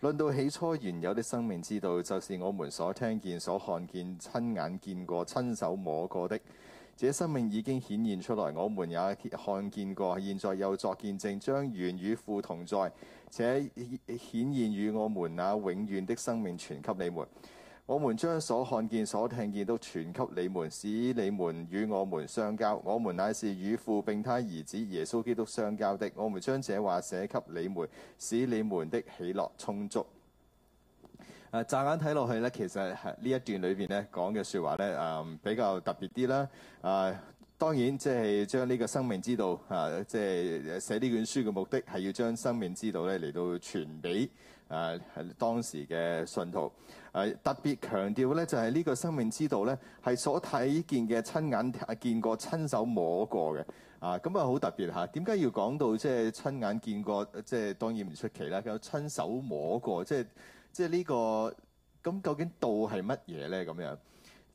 論到起初原有的生命之道，就是我們所聽見、所看見、親眼見過、親手摸過的。這生命已經顯現出來，我們也看見過。現在又作見證，將原與父同在，且顯現與我們那永遠的生命，傳給你們。我們將所看見、所聽見都傳給你們，使你們與我們相交。我們乃是與父並祂兒子耶穌基督相交的。我們將這話寫給你們，使你們的喜樂充足。誒、啊，乍眼睇落去咧，其實係呢、啊、一段裏邊咧講嘅説話咧，誒、啊、比較特別啲啦。誒、啊，當然即係將呢個生命之道，誒即係寫呢卷書嘅目的係要將生命之道咧嚟到傳俾。誒、啊、係當時嘅信徒，誒、啊、特別強調咧，就係、是、呢個生命之道咧，係所睇見嘅、親眼啊見過、親手摸過嘅啊，咁啊好特別嚇。點、啊、解要講到即係親眼見過？即、啊、係、就是、當然唔出奇啦。有、就是、親手摸過，即係即係呢個咁究竟道係乜嘢咧？咁樣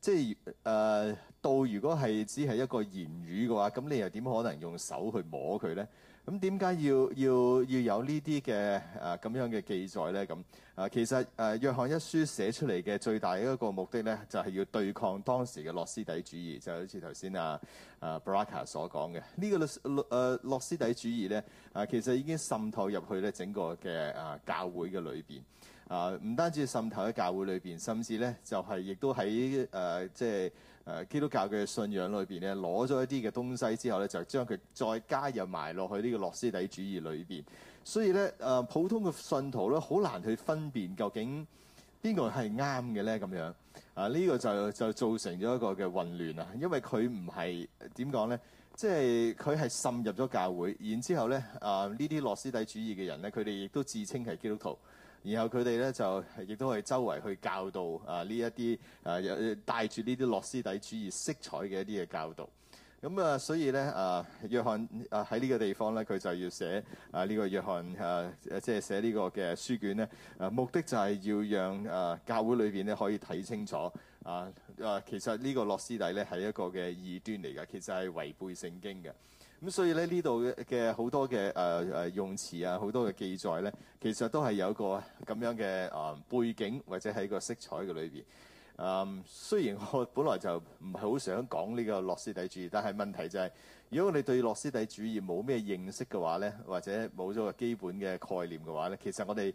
即係誒道，如果係只係一個言語嘅話，咁你又點可能用手去摸佢咧？咁點解要要要有呢啲嘅誒咁樣嘅記載咧？咁啊，其實誒、啊、約翰一書寫出嚟嘅最大一個目的咧，就係、是、要對抗當時嘅諾斯底主義，就好似頭先啊 Braca 所講嘅呢個諾諾斯底主義咧啊，其實已經滲透入去咧整個嘅啊教會嘅裏邊。啊，唔單止滲透喺教會裏邊，甚至咧就係、是、亦都喺誒、啊、即係。誒、啊、基督教嘅信仰裏面咧，攞咗一啲嘅東西之後咧，就將佢再加入埋落去呢個諾斯底主義裏面。所以咧，誒、啊、普通嘅信徒咧，好難去分辨究竟邊個係啱嘅咧咁樣。啊，呢、呢個就就造成咗一個嘅混亂喇！因為佢唔係點講咧，即係佢係滲入咗教會，然之後咧，啊呢啲諾斯底主義嘅人咧，佢哋亦都自稱係基督徒。然後佢哋咧，就亦都係周圍去教導啊，呢一啲啊有帶住呢啲諾斯底主義色彩嘅一啲嘅教導，咁啊所以咧，啊約翰啊喺呢個地方咧，佢就要寫啊，呢個約翰啊即係寫呢個嘅書卷咧，啊目的就係要讓啊教會裏邊咧，可以睇清楚啊，啊其實呢個諾斯底咧係一個嘅異端嚟㗎，其實係違背聖經嘅。咁所以咧，呢度嘅好多嘅誒、呃呃、用詞啊，好多嘅記載咧，其實都係有個咁樣嘅、呃、背景，或者喺個色彩嘅裏面。啊、呃，雖然我本來就唔係好想講呢個諾斯底主義，但係問題就係、是，如果你對諾斯底主義冇咩認識嘅話咧，或者冇咗個基本嘅概念嘅話咧，其實我哋、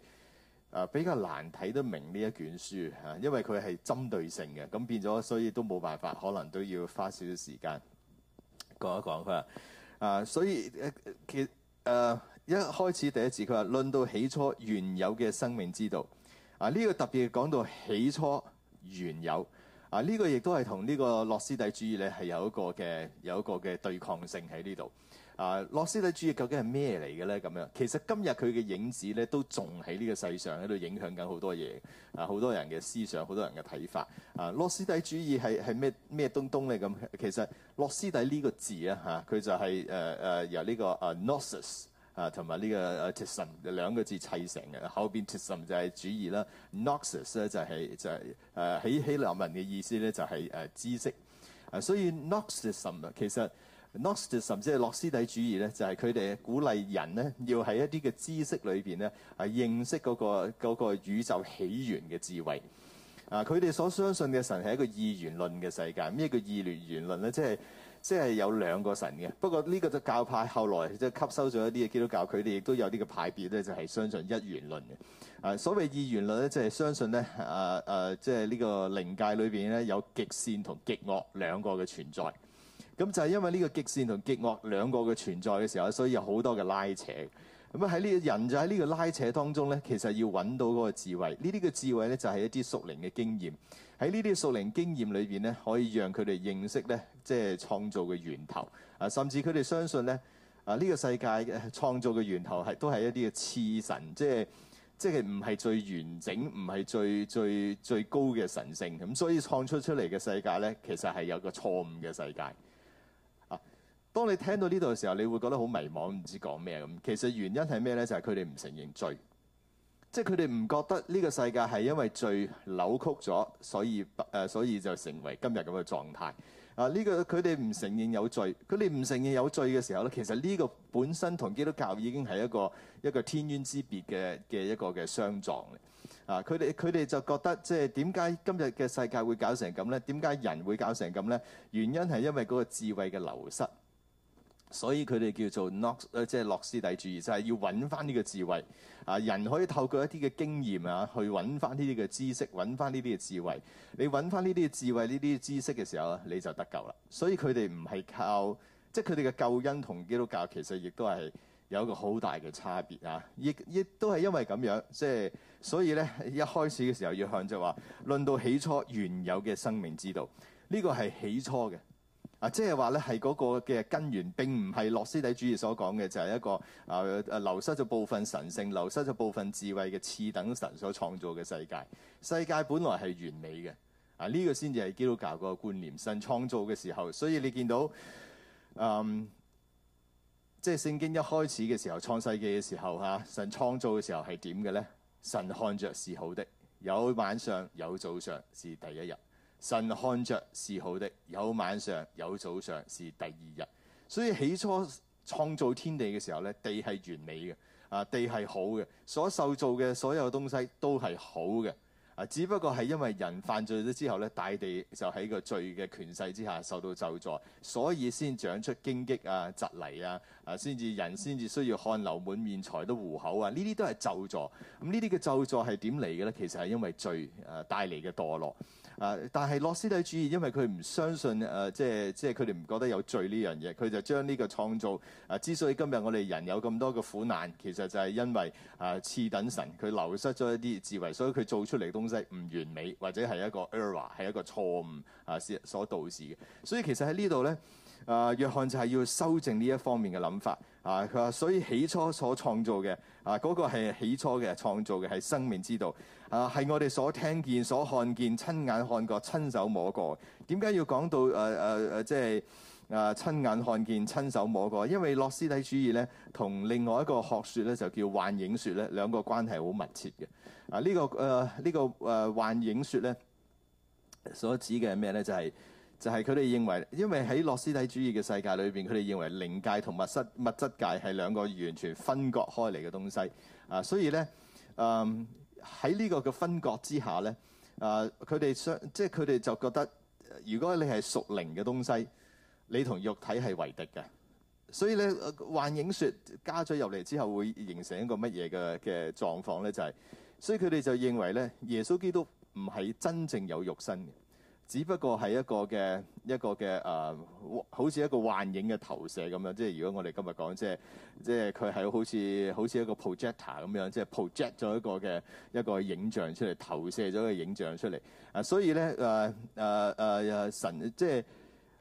呃、比較難睇得明呢一卷書嚇，因為佢係針對性嘅，咁變咗，所以都冇辦法，可能都要花少少時間講一講佢。啊，所以誒、啊、其誒、啊、一開始第一次佢話論到起初原有嘅生命之道啊，呢、這個特別講到起初原有啊，呢、這個亦都係同呢個諾斯底主義咧係有一個嘅有一個嘅對抗性喺呢度。啊，洛斯底主義究竟係咩嚟嘅咧？咁樣其實今日佢嘅影子咧都仲喺呢個世上喺度影響緊好多嘢，啊，好多人嘅思想，好多人嘅睇法。啊，洛斯底主義係係咩咩東東咧？咁其實洛斯底呢個字啊，嚇佢就係誒誒由呢、呢個啊 noxus 啊同埋呢個 atism 兩個字砌成嘅。後邊 atism 就係主義啦，noxus 咧就係、係、就係誒喺希臘文嘅意思咧就係、係、誒、啊、知識。啊，所以 noxism 其實。諾斯達甚至係諾斯底主義咧，就係佢哋鼓勵人咧，要喺一啲嘅知識裏邊咧，係認識嗰、嗰個嗰個宇宙起源嘅智慧。啊，佢哋所相信嘅神係一個二元論嘅世界。咩叫二元元論咧？就係？即係即係有兩個神嘅。不過呢個教派後來即係吸收咗一啲基督教，佢哋亦都有啲嘅派別咧，就係相信一元論嘅。啊，所謂二元論咧、啊啊，就係相信咧，啊啊，即係呢個靈界裏邊咧，有極善同極惡兩個嘅存在。咁就係因為呢個極善同極惡兩個嘅存在嘅時候，所以有好多嘅拉扯。咁啊喺呢個人就喺呢個拉扯當中咧，其實要揾到嗰個智慧。呢啲嘅智慧咧就係、是、一啲屬靈嘅經驗。喺呢啲屬靈經驗裏面咧，可以讓佢哋認識咧，即、就、係、是、創造嘅源頭啊。甚至佢哋相信咧啊，呢、這個世界嘅創造嘅源頭都係一啲嘅次神，即係即係唔係最完整、唔係最最最高嘅神性。咁所以創出出嚟嘅世界咧，其實係有個錯誤嘅世界。當你聽到呢度嘅時候，你會覺得好迷茫，唔知講咩咁。其實原因係咩呢？就係佢哋唔承認罪，即係佢哋唔覺得呢個世界係因為罪扭曲咗，所以誒，所以就成為今日咁嘅狀態啊！呢個佢哋唔承認有罪，佢哋唔承認有罪嘅時候咧，其實呢個本身同基督教已經係一個一個天淵之別嘅嘅一個嘅相撞啊！佢哋佢哋就覺得即係點解今日嘅世界會搞成咁呢？點解人會搞成咁呢？原因係因為嗰個智慧嘅流失。所以佢哋叫做 Nox，諾，即係諾斯底主義，就係、是、要揾翻呢個智慧啊！人可以透過一啲嘅經驗啊，去揾翻呢啲嘅知識，揾翻呢啲嘅智慧。你揾翻呢啲智慧、呢啲知識嘅時候咧，你就得救啦。所以佢哋唔係靠，即係佢哋嘅救恩同基督教其實亦都係有一個好大嘅差別啊！亦亦都係因為咁樣，即、就、係、是、所以咧，一開始嘅時候要向即係話論到起初原有嘅生命之道，呢、這個係起初嘅。啊、就是，即係話咧，係嗰個嘅根源並唔係洛斯底主義所講嘅，就係、是、一個啊、呃、流失咗部分神性、流失咗部分智慧嘅次等神所創造嘅世界。世界本來係完美嘅，啊呢、這個先至係基督教個觀念。神創造嘅時候，所以你見到即係、嗯就是、聖經一開始嘅時候，創世紀嘅時候吓神創造嘅時候係點嘅咧？神看著是好的，有晚上有早上，是第一日。神看着是好的，有晚上有早上，是第二日。所以起初創造天地嘅時候咧，地係完美嘅啊，地係好嘅，所受造嘅所有東西都係好嘅啊。只不過係因為人犯罪咗之後咧，大地就喺個罪嘅權勢之下受到咒詛，所以先長出荊棘啊、蒺藜啊啊，先、啊、至人先至需要汗流滿面才得糊口啊。呢啲都係咒詛咁，呢啲嘅咒詛係點嚟嘅咧？其實係因為罪誒帶嚟嘅墮落。啊！但係諾斯底主義，因為佢唔相信誒、呃，即係即係佢哋唔覺得有罪呢樣嘢，佢就將呢個創造啊，之所以今日我哋人有咁多個苦難，其實就係因為啊次等神佢流失咗一啲智慧，所以佢做出嚟嘅東西唔完美，或者係一個 error，係一個錯誤啊所導致嘅。所以其實喺呢度咧，啊約翰就係要修正呢一方面嘅諗法啊。佢話：所以起初所創造嘅。啊！嗰、那個係起初嘅創造嘅係生命之道啊，係我哋所聽見、所看見、親眼看過、親手摸過。點解要講到誒誒誒，即係啊，啊，、就是、啊親眼看見、親手摸過？因為諾斯底主義咧，同另外一個學説咧就叫幻影説咧，兩個關係好密切嘅。啊，呢、這個誒呢、啊這個誒、啊、幻影説咧，所指嘅係咩咧？就係、是。就係佢哋認為，因為喺諾斯底主義嘅世界裏邊，佢哋認為靈界同物質物質界係兩個完全分割開嚟嘅東西。啊，所以咧，誒喺呢個嘅分割之下咧，誒佢哋相即係佢哋就覺得，如果你係屬靈嘅東西，你同肉體係為敵嘅。所以咧，幻影説加咗入嚟之後，會形成一個乜嘢嘅嘅狀況咧？就係、是，所以佢哋就認為咧，耶穌基督唔係真正有肉身嘅。只不過係一個嘅一個嘅誒、呃，好似一個幻影嘅投射咁樣。即係如果我哋今日講，即係即係佢係好似好似一個 projector 咁樣，即係 project 咗一個嘅一個影像出嚟，投射咗一個影像出嚟。啊，所以咧，誒誒誒神，即係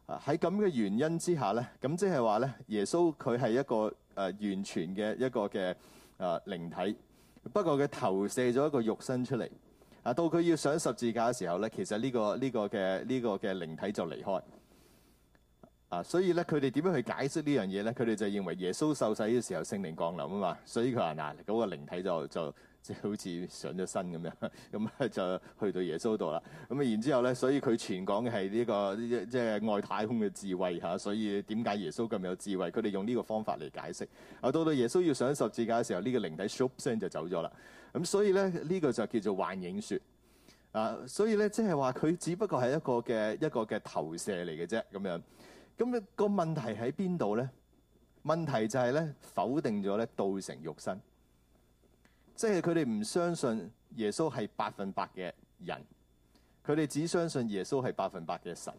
喺咁嘅原因之下咧，咁即係話咧，耶穌佢係一個誒、呃、完全嘅一個嘅誒、呃、靈體，不過佢投射咗一個肉身出嚟。啊，到佢要上十字架嘅時候咧，其實呢個呢個嘅呢個嘅靈體就離開。啊，所以咧，佢哋點樣去解釋呢樣嘢咧？佢哋就認為耶穌受洗嘅時候聖靈降臨啊嘛，所以佢話嗱，嗰個靈體就就。即係好似上咗身咁樣，咁 咧就去到耶穌度啦。咁啊，然之後咧，所以佢全講嘅係呢個即係外太空嘅智慧嚇。所以點解耶穌咁有智慧？佢哋用呢個方法嚟解釋。啊，到到耶穌要上十字架嘅時候，呢、這個靈體唰聲就走咗啦。咁所以咧，呢、這個就叫做幻影說啊。所以咧，即係話佢只不過係一個嘅一個嘅投射嚟嘅啫，咁樣。咁、那個問題喺邊度咧？問題就係咧否定咗咧道成肉身。即係佢哋唔相信耶穌係百分百嘅人，佢哋只相信耶穌係百分百嘅神，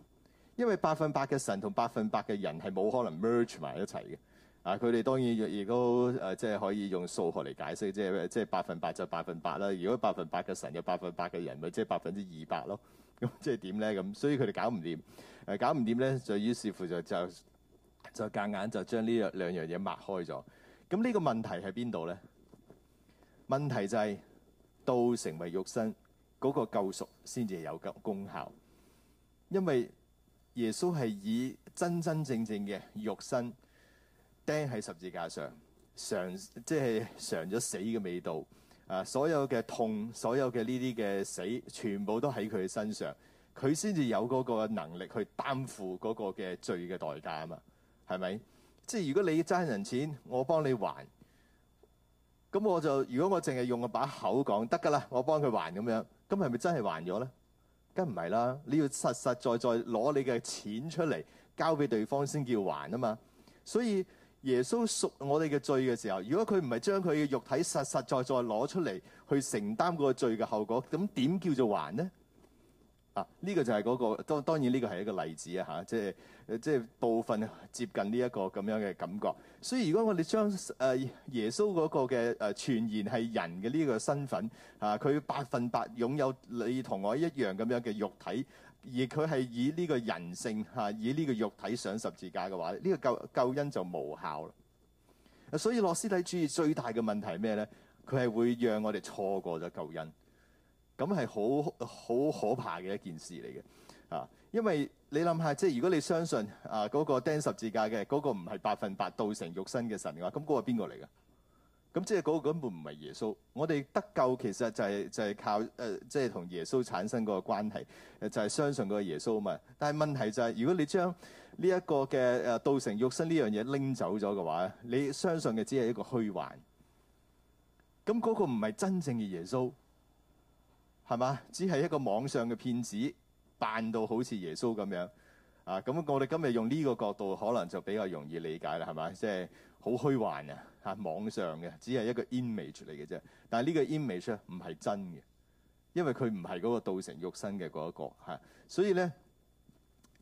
因為百分百嘅神同百分百嘅人係冇可能 merge 埋一齊嘅。啊，佢哋當然亦都誒、啊，即係可以用數學嚟解釋，即係即係百分百就百分百啦。如果百分百嘅神有百分百嘅人，咪即係百分之二百咯。咁即係點咧？咁所以佢哋搞唔掂，誒、啊、搞唔掂咧，就於是乎就就就夾硬就將呢兩兩樣嘢擘開咗。咁呢個問題喺邊度咧？問題就係、係、到成為肉身嗰、嗰個救贖先至有個功效，因為耶穌係以真真正正嘅肉身釘喺十字架上，嘗即係嘗咗死嘅味道。啊，所有嘅痛，所有嘅呢啲嘅死，全部都喺佢嘅身上，佢先至有嗰個能力去擔負嗰個嘅罪嘅代價啊嘛，係咪？即係如果你爭人錢，我幫你還。咁我就，如果我淨係用個把口講得㗎啦，我幫佢還咁樣，咁係咪真係還咗咧？梗唔係啦，你要實實在在攞你嘅錢出嚟交俾對方先叫還啊嘛。所以耶穌贖我哋嘅罪嘅時候，如果佢唔係將佢嘅肉體實實在在攞出嚟去承擔個罪嘅後果，咁點叫做還咧？呢、啊，這個就係嗰，那個，當然呢個係一個例子啊！嚇，即係即係部分接近呢一個咁樣嘅感覺。所以如果我哋將誒耶穌嗰個嘅誒傳言係人嘅呢個身份，嚇，佢百分百擁有你同我一樣咁樣嘅肉體，而佢係以呢個人性，嚇、啊、以呢個肉體上十字架嘅話，呢、這個救救恩就無效啦。所以諾斯底主義最大嘅問題係咩咧？佢係會讓我哋錯過咗救恩。咁係好好可怕嘅一件事嚟嘅，啊！因為你諗下，即係如果你相信啊嗰個釘十字架嘅嗰個唔係百分百道成肉身嘅神嘅話，咁嗰個係邊個嚟嘅？咁即係嗰個根本唔係耶穌。我哋得救其實就係就係靠誒，即係同耶穌產生嗰個關係，就係相信嗰個耶穌啊嘛。但係問題就係，如果你將呢一個嘅誒道成肉身呢樣嘢拎走咗嘅話，你相信嘅只係一個虛幻。咁嗰個唔係真正嘅耶穌。係嘛？只係一個網上嘅騙子，扮到好似耶穌咁樣啊！咁我哋今日用呢個角度，可能就比較容易理解啦，係咪？即係好虛幻啊！嚇、啊，網上嘅只係一個 image 嚟嘅啫。但係呢個 image 唔係真嘅，因為佢唔係嗰個道成肉身嘅嗰一個嚇、啊。所以咧，呢、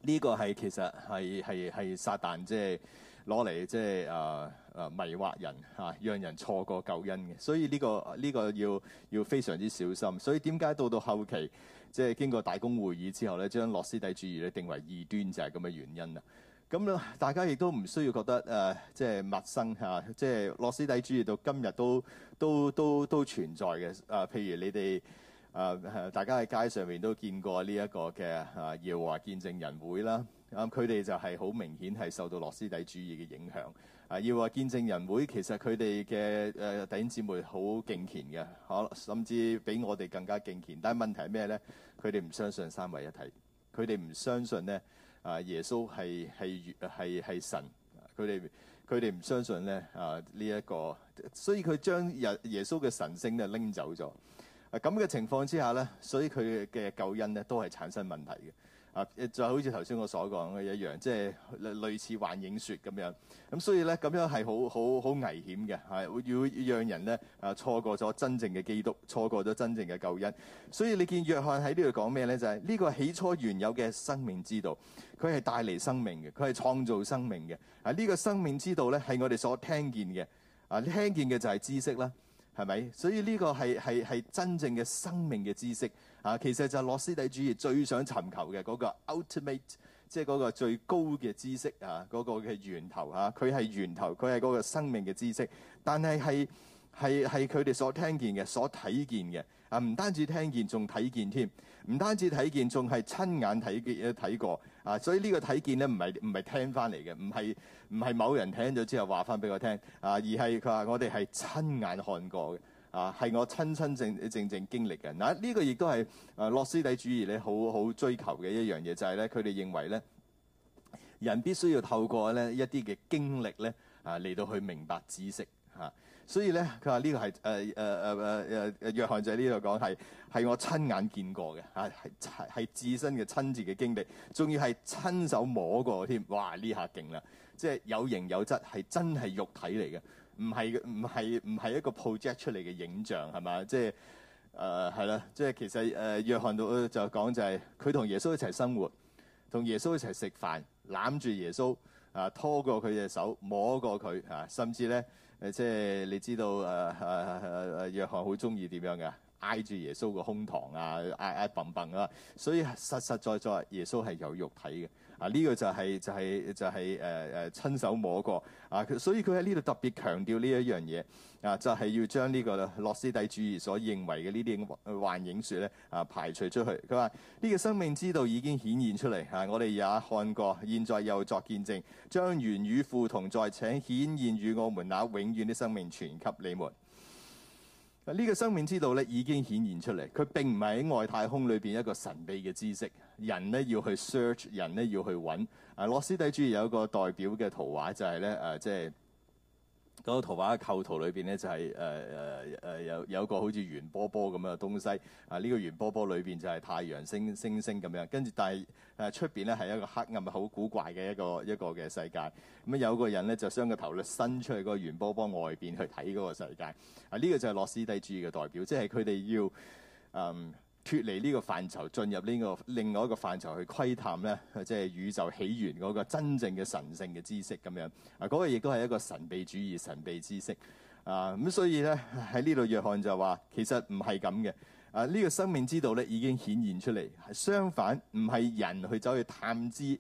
呢個係其實係係係撒旦即係。就是攞嚟即係誒誒迷惑人嚇、啊，讓人錯過救恩嘅，所以呢個呢個要要非常之小心。所以點解到到後期即係經過大公會議之後咧，將諾斯底主義咧定為異端就係咁嘅原因啦。咁咧大家亦都唔需要覺得誒、啊、即係陌生嚇、啊，即係諾斯底主義到今日都都都都存在嘅。誒、啊，譬如你哋。誒、啊、大家喺街上面都見過呢一個嘅啊，耶和華見證人會啦，咁佢哋就係好明顯係受到諾斯底主義嘅影響。啊，耶和華見證人會，其實佢哋嘅誒弟兄姊妹好敬虔嘅，可、啊、甚至比我哋更加敬虔。但係問題係咩咧？佢哋唔相信三位一體，佢哋唔相信咧啊，耶穌係係係係神。佢哋佢哋唔相信咧啊，呢、這、一個，所以佢將耶耶穌嘅神聖咧拎走咗。咁、啊、嘅情況之下咧，所以佢嘅救恩咧都係產生問題嘅。啊，就好似頭先我所講嘅一樣，即係類似幻影説咁樣。咁、啊、所以咧，咁樣係好好好危險嘅，會、啊、要讓人咧啊錯過咗真正嘅基督，錯過咗真正嘅救恩。所以你見約翰喺呢度講咩咧？就係呢個起初原有嘅生命之道，佢係帶嚟生命嘅，佢係創造生命嘅。啊，呢個生命之道咧係我哋所聽見嘅。啊，聽見嘅就係知識啦。係咪？所以呢個係係係真正嘅生命嘅知識啊！其實就係諾斯底主義最想尋求嘅嗰個 ultimate，即係嗰個最高嘅知識啊！嗰個嘅源頭啊，佢係源頭，佢係嗰個生命嘅知識。但係係係係佢哋所聽見嘅、所睇見嘅啊！唔單止聽見，仲睇見添。唔單止睇見，仲係親眼睇見，睇過啊！所以呢個睇見咧，唔係唔係聽翻嚟嘅，唔係唔係某人聽咗之後話翻俾我聽啊，而係佢話我哋係親眼看過嘅啊，係我親親正正正經歷嘅嗱，呢、這個亦都係誒諾斯底主義咧，好好追求嘅一樣嘢，就係咧佢哋認為咧，人必須要透過咧一啲嘅經歷咧啊嚟到去明白知識嚇所以咧，佢話呢個係誒誒誒誒誒約翰就喺呢度講係係我親眼見過嘅嚇，係係自身嘅親自嘅經歷，仲要係親手摸過添。哇！呢下勁啦，即係有形有質，係真係肉體嚟嘅，唔係唔係唔係一個 project 出嚟嘅影像係咪？即係誒係啦，即係其實誒約翰度就講就係佢同耶穌一齊生活，同耶穌一齊食飯，攬住耶穌。啊，拖過佢隻手，摸過佢啊，甚至咧，誒即係你知道誒誒誒約翰好鍾意點樣嘅，挨住耶穌個胸膛啊，挨挨嘭嘭啊，所以實實在在耶穌係有肉體嘅。啊！呢、這個就係、是、就係、是、就係誒誒親手摸過啊！所以佢喺呢度特別強調呢一樣嘢啊，就係、是、要將呢個諾斯替主義所認為嘅呢啲幻影説咧啊排除出去。佢話呢個生命之道已經顯現出嚟啊！我哋也看過，現在又作見證，將原與父同在請，請顯現與我們那永遠的生命，傳給你們。呢、啊這個生命之道咧已經顯現出嚟，佢並唔係喺外太空裏邊一個神秘嘅知識。人咧要去 search，人咧要去揾。啊，洛斯底主義有一個代表嘅圖畫就係、是、咧，誒、啊，即係嗰個圖畫嘅構圖裏邊咧，就係誒誒誒有有一個好似圓波波咁樣嘅東西。啊，呢、這個圓波波裏邊就係太陽星星星咁樣，跟住但係誒出邊咧係一個黑暗、好古怪嘅一個一個嘅世界。咁啊有個人咧就將個頭咧伸出去個圓波波外邊去睇嗰個世界。啊，呢、這個就係洛斯底主義嘅代表，即係佢哋要嗯。脫離呢個範疇，進入呢、這個另外一個範疇去窺探咧，即係宇宙起源嗰個真正嘅神性嘅知識咁樣。嗱、啊，嗰、那個亦都係一個神秘主義、神秘知識。啊，咁所以咧喺呢度，約翰就話其實唔係咁嘅。啊，呢、這個生命之道咧已經顯現出嚟。相反，唔係人去走去探知，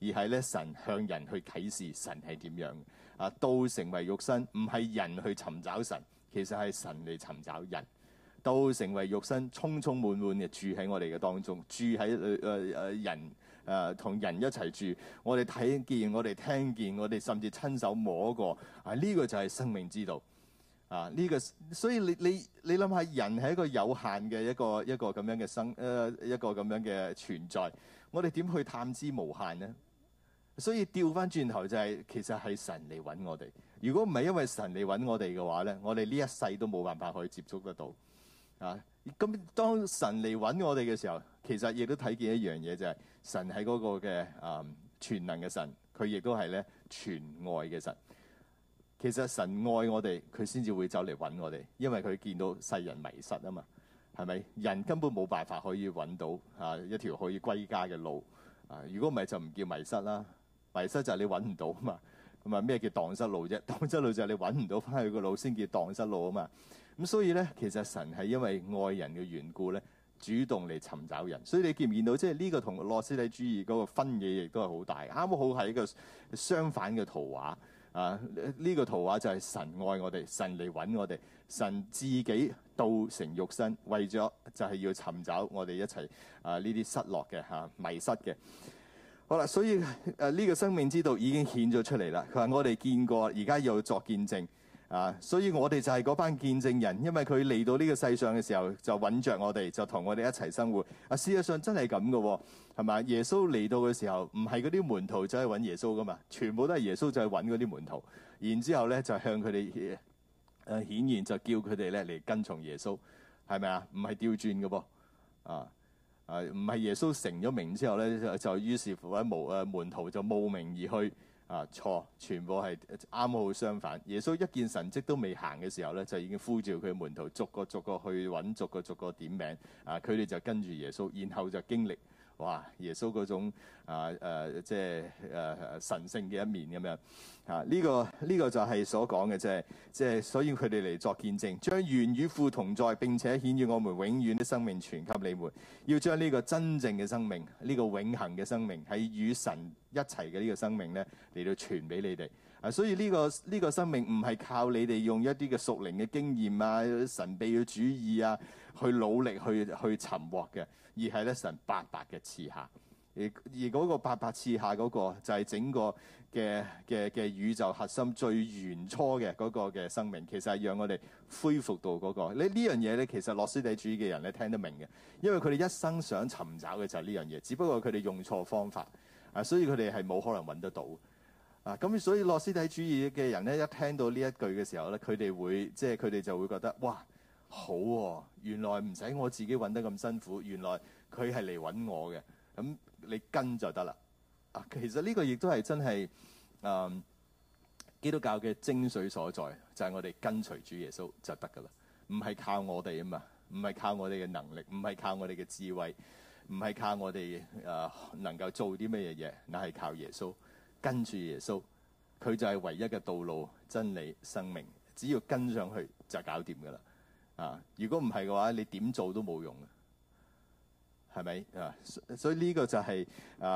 而係咧神向人去啟示神係點樣。啊，道成為肉身，唔係人去尋找神，其實係神嚟尋找人。都成為肉身，充充滿滿嘅住喺我哋嘅當中，住喺誒誒人誒同、呃、人一齊住。我哋睇見，我哋聽見，我哋甚至親手摸過啊！呢、這個就係生命之道啊！呢、這個所以你你你諗下，人係一個有限嘅一個一個咁樣嘅生誒、呃、一個咁樣嘅存在。我哋點去探知無限呢？所以掉返轉頭就係、是、其實係神嚟搵我哋。如果唔係因為神嚟搵我哋嘅話咧，我哋呢一世都冇辦法可以接觸得到。啊！咁當神嚟揾我哋嘅時候，其實亦都睇見一樣嘢，就係，就係神係嗰個嘅啊、嗯、全能嘅神，佢亦都係咧全愛嘅神。其實神愛我哋，佢先至會走嚟揾我哋，因為佢見到世人迷失啊嘛，係咪？人根本冇辦法可以揾到啊一條可以歸家嘅路啊！如果唔係就唔叫迷失啦，迷失就係你揾唔到啊嘛。咁啊咩叫蕩失路啫？蕩失路就係你揾唔到翻去個路先叫蕩失路啊嘛。咁所以咧，其實神係因為愛人嘅緣故咧，主動嚟尋找人。所以你見唔見到，即係呢個同諾斯底主義嗰個分野亦都係好大，啱好係一個相反嘅圖畫啊！呢、這個圖畫就係神愛我哋，神嚟搵我哋，神自己道成肉身，為咗就係要尋找我哋一齊啊！呢啲失落嘅嚇、啊，迷失嘅。好啦，所以誒呢、啊這個生命之道已經顯咗出嚟啦。佢話我哋見過，而家又作見證。啊，所以我哋就係嗰班見證人，因為佢嚟到呢個世上嘅時候就揾着我哋，就同我哋一齊生活。啊，事實上真係咁噶喎，係嘛？耶穌嚟到嘅時候，唔係嗰啲門徒走去揾耶穌噶嘛，全部都係耶穌就去揾嗰啲門徒，然之後咧就向佢哋誒顯然就叫佢哋咧嚟跟從耶穌，係咪啊？唔係掉轉噶噃，啊啊，唔係耶穌成咗名之後咧，就於是乎喺無誒門徒就慕名而去。啊，錯，全部係啱、啊、好相反。耶穌一件神蹟都未行嘅時候咧，就已經呼召佢門徒，逐個逐個去揾，逐個逐個點名。啊，佢哋就跟住耶穌，然後就經歷，哇，耶穌嗰種。啊，誒、呃，即係誒、呃、神聖嘅一面咁樣，啊，呢、這個呢、這個就係所講嘅，即係即係，所以佢哋嚟作見證，將原與父同在並且顯現與我們永遠的生命，傳給你們，要將呢個真正嘅生命，呢、這個永恆嘅生命，喺與神一齊嘅呢個生命咧，嚟到傳俾你哋。啊，所以呢、這個呢、這個生命唔係靠你哋用一啲嘅屬靈嘅經驗啊、神秘主義啊去努力去去尋獲嘅，而係咧神白白嘅賜下。而而嗰個八百次下嗰、那個就係、是、整個嘅嘅嘅宇宙核心最原初嘅嗰個嘅生命，其實係讓我哋恢復到嗰、那個。你這呢呢樣嘢咧，其實諾斯底主義嘅人咧聽得明嘅，因為佢哋一生想尋找嘅就係呢樣嘢，只不過佢哋用錯方法啊，所以佢哋係冇可能揾得到啊。咁所以諾斯底主義嘅人咧，一聽到呢一句嘅時候咧，佢哋會即係佢哋就會覺得哇，好喎、啊！原來唔使我自己揾得咁辛苦，原來佢係嚟揾我嘅咁。嗯你跟就得啦啊！其實呢個亦都係真係誒、嗯、基督教嘅精髓所在，就係、是、我哋跟隨主耶穌就得噶啦，唔係靠我哋啊嘛，唔係靠我哋嘅能力，唔係靠我哋嘅智慧，唔係靠我哋誒、呃、能夠做啲咩嘢嘢，嗱係靠耶穌跟住耶穌，佢就係唯一嘅道路、真理、生命。只要跟上去就搞掂噶啦啊！如果唔係嘅話，你點做都冇用嘅。係咪啊？所以呢個就係、是、啊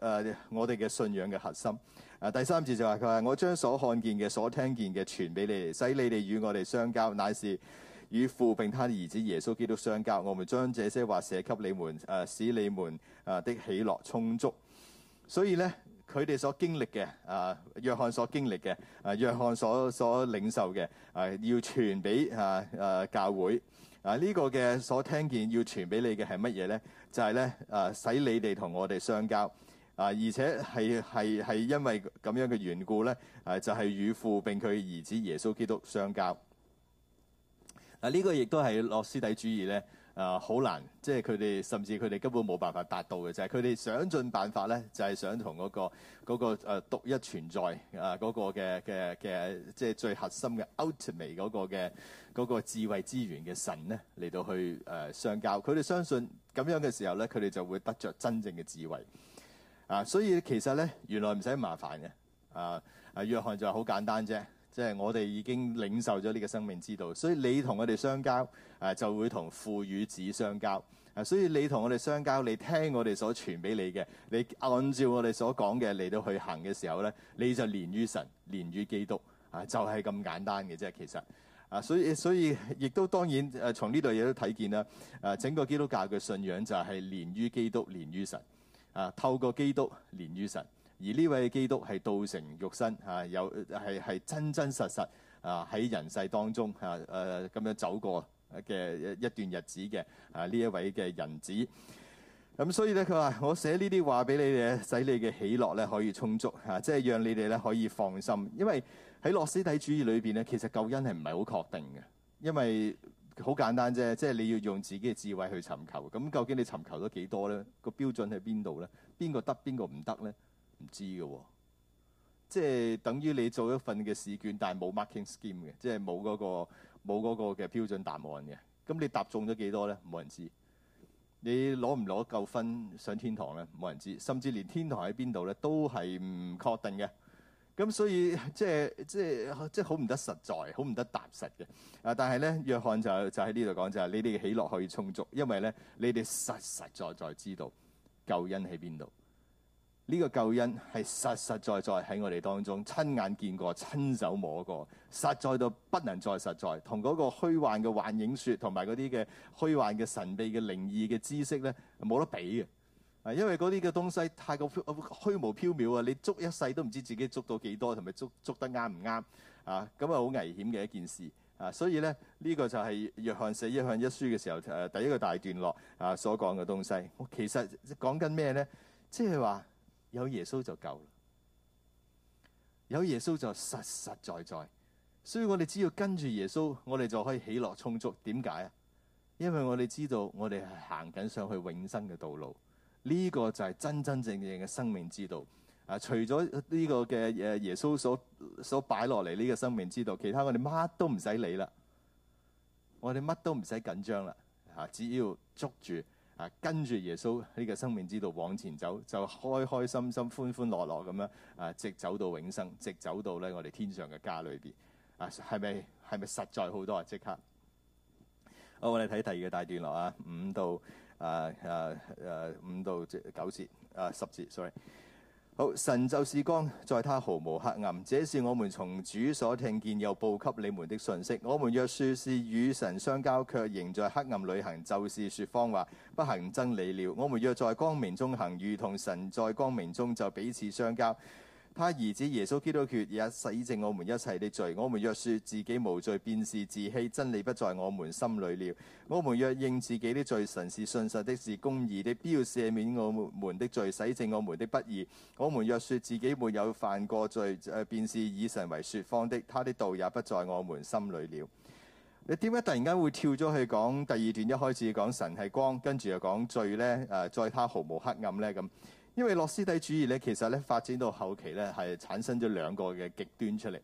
啊我哋嘅信仰嘅核心。啊第三節就話佢話：我將所看見嘅、所聽見嘅傳俾你們，使你哋與我哋相交，乃是與父並他兒子耶穌基督相交。我們將這些話寫給你們，誒、啊、使你們誒的喜樂充足。所以咧，佢哋所經歷嘅啊，約翰所經歷嘅啊，約翰所所領受嘅誒、啊，要傳俾啊誒、啊、教會。啊！呢、這個嘅所聽見要傳俾你嘅係乜嘢咧？就係、是、咧，啊，使你哋同我哋相交，啊，而且係係係因為咁樣嘅緣故咧，啊，就係、是、與父並佢兒子耶穌基督相交。啊！呢、這個亦都係諾斯底主義咧。啊、呃，好難，即係佢哋甚至佢哋根本冇辦法達到嘅，就係佢哋想盡辦法咧，就係、是、想同嗰、那個嗰、那個獨一存在啊嗰、那個嘅嘅嘅，即係最核心嘅 Ultimate 嗰個嘅嗰、那個、智慧資源嘅神咧嚟到去誒、呃、相交，佢哋相信咁樣嘅時候咧，佢哋就會得着真正嘅智慧啊！所以其實咧，原來唔使麻煩嘅啊啊，約翰就係好簡單啫。即係我哋已經領受咗呢個生命之道，所以你同我哋相交，啊、就會同父與子相交。啊，所以你同我哋相交，你聽我哋所傳俾你嘅，你按照我哋所講嘅嚟到去行嘅時候咧，你就連於神，連於基督。啊，就係咁簡單嘅啫，其實啊，所以所以亦都當然誒，從呢度亦都睇見啦。誒，整個基督教嘅信仰就係連於基督，連於神。啊，透過基督連於神。而呢位基督係道成肉身，嚇有係係真真實實啊，喺人世當中嚇，誒，咁樣走過嘅一一段日子嘅，啊呢一位嘅人子咁，啊，所以咧佢話：我寫呢啲話俾你哋，使你嘅喜樂咧可以充足嚇，啊，即係讓你哋咧可以放心。因為喺諾斯底主義裏邊咧，其實救恩係唔係好確定嘅，因為好簡單啫，即、就、係、是、你要用自己嘅智慧去尋求。咁究竟你尋求咗幾多咧？個標準喺邊度咧？邊個得？邊個唔得咧？唔知嘅、哦，即係等於你做一份嘅試卷，但係冇 marking scheme 嘅，即係冇嗰個冇嗰個嘅標準答案嘅。咁你答中咗幾多咧？冇人知道。你攞唔攞夠分上天堂咧？冇人知道。甚至連天堂喺邊度咧，都係唔確定嘅。咁所以即係即係即係好唔得實在，好唔得踏實嘅。啊！但係咧，約翰就就喺呢度講就係你哋嘅喜樂可以充足，因為咧你哋實實在在知道救恩喺邊度。呢個救恩係實實在在喺我哋當中親眼見過、親手摸過，實在到不能再實在，同嗰個虛幻嘅幻影説同埋嗰啲嘅虛幻嘅神秘嘅靈異嘅知識咧，冇得比嘅啊，因為嗰啲嘅東西太過虛無縹緲啊，你捉一世都唔知自己捉到幾多，同埋捉捉得啱唔啱啊？咁啊，好危險嘅一件事啊，所以咧呢個就係約翰寫《約翰一書》嘅時候，誒第一個大段落啊，所講嘅東西。其實講緊咩咧？即係話。有耶穌就夠啦，有耶穌就實實在在，所以我哋只要跟住耶穌，我哋就可以喜樂充足。點解啊？因為我哋知道我哋係行緊上去永生嘅道路，呢個就係真真正正嘅生命之道。啊，除咗呢個嘅誒耶穌所所擺落嚟呢個生命之道，其他我哋乜都唔使理啦，我哋乜都唔使緊張啦。啊，只要捉住。啊，跟住耶穌呢個生命之道往前走，就開開心心、歡歡樂樂咁樣啊，直走到永生，直走到咧我哋天上嘅家裏邊。啊，係咪係咪實在好多啊？即刻，好，我哋睇第二個大段落啊，五到啊啊啊五到九節啊十節，sorry。好，神就是光，在他毫無黑暗。這是我們從主所聽見又報給你們的信息。我們若説是與神相交，卻仍在黑暗裏行，就是説謊話，不行真理了。我們若在光明中行，如同神在光明中，就彼此相交。他兒子耶穌基督決也洗淨我們一切的罪。我們若説自己無罪，便是自欺，真理不在我們心裡了。我們若認自己的罪，神是信實的，是公義的，必要赦免我們的罪，洗淨我們的不義。我們若説自己沒有犯過罪，便是以神為説謊的，他的道也不在我們心裡了。你點解突然間會跳咗去講第二段？一開始講神係光，跟住又講罪呢，誒，在他毫無黑暗呢？咁？因為洛斯底主義咧，其實咧發展到後期咧，係產生咗兩個嘅極端出嚟。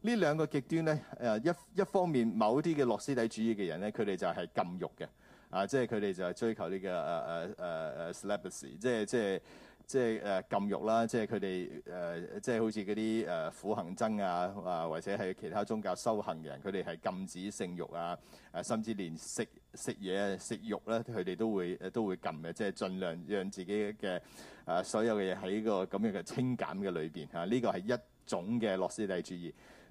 呢兩個極端咧，誒，一一方面，某啲嘅諾斯底主義嘅人咧，佢哋就係禁欲嘅，啊，即係佢哋就係追求呢、這個誒誒誒誒 celibacy，即係即係。即係誒禁肉啦，即係佢哋誒，即係好似嗰啲誒苦行僧啊，啊或者係其他宗教修行嘅人，佢哋係禁止性慾啊，誒甚至連食食嘢食肉咧，佢哋都會誒都會禁嘅，即係盡量讓自己嘅誒所有嘅嘢喺個咁樣嘅清簡嘅裏邊嚇，呢個係一種嘅諾斯底主義。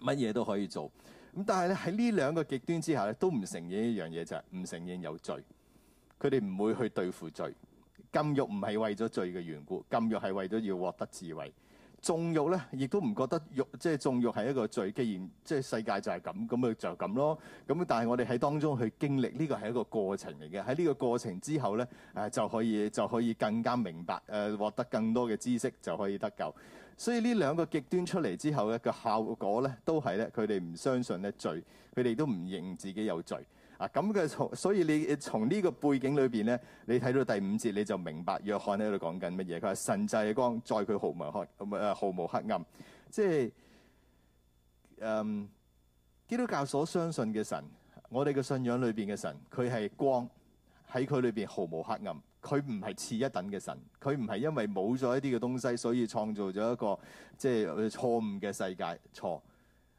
乜嘢都可以做，咁但係咧喺呢兩個極端之下咧，都唔承認一樣嘢就係唔承認有罪。佢哋唔會去對付罪，禁欲唔係為咗罪嘅緣故，禁欲係為咗要獲得智慧。縱欲咧，亦都唔覺得欲即係縱欲係一個罪。既然即係世界就係咁，咁咪就咁咯。咁但係我哋喺當中去經歷，呢個係一個過程嚟嘅。喺呢個過程之後咧，誒就可以就可以更加明白誒獲得更多嘅知識就可以得救。所以呢兩個極端出嚟之後咧，個效果咧都係咧，佢哋唔相信咧罪，佢哋都唔認自己有罪。啊咁嘅從，所以你從呢個背景裏邊咧，你睇到第五節你就明白約翰喺度講緊乜嘢。佢話神就係光，在佢毫無黑咁誒，毫無黑暗。即係誒，基督教所相信嘅神，我哋嘅信仰裏邊嘅神，佢係光，喺佢裏邊毫無黑暗。佢唔係次一等嘅神，佢唔係因為冇咗一啲嘅東西，所以創造咗一個即係錯誤嘅世界錯。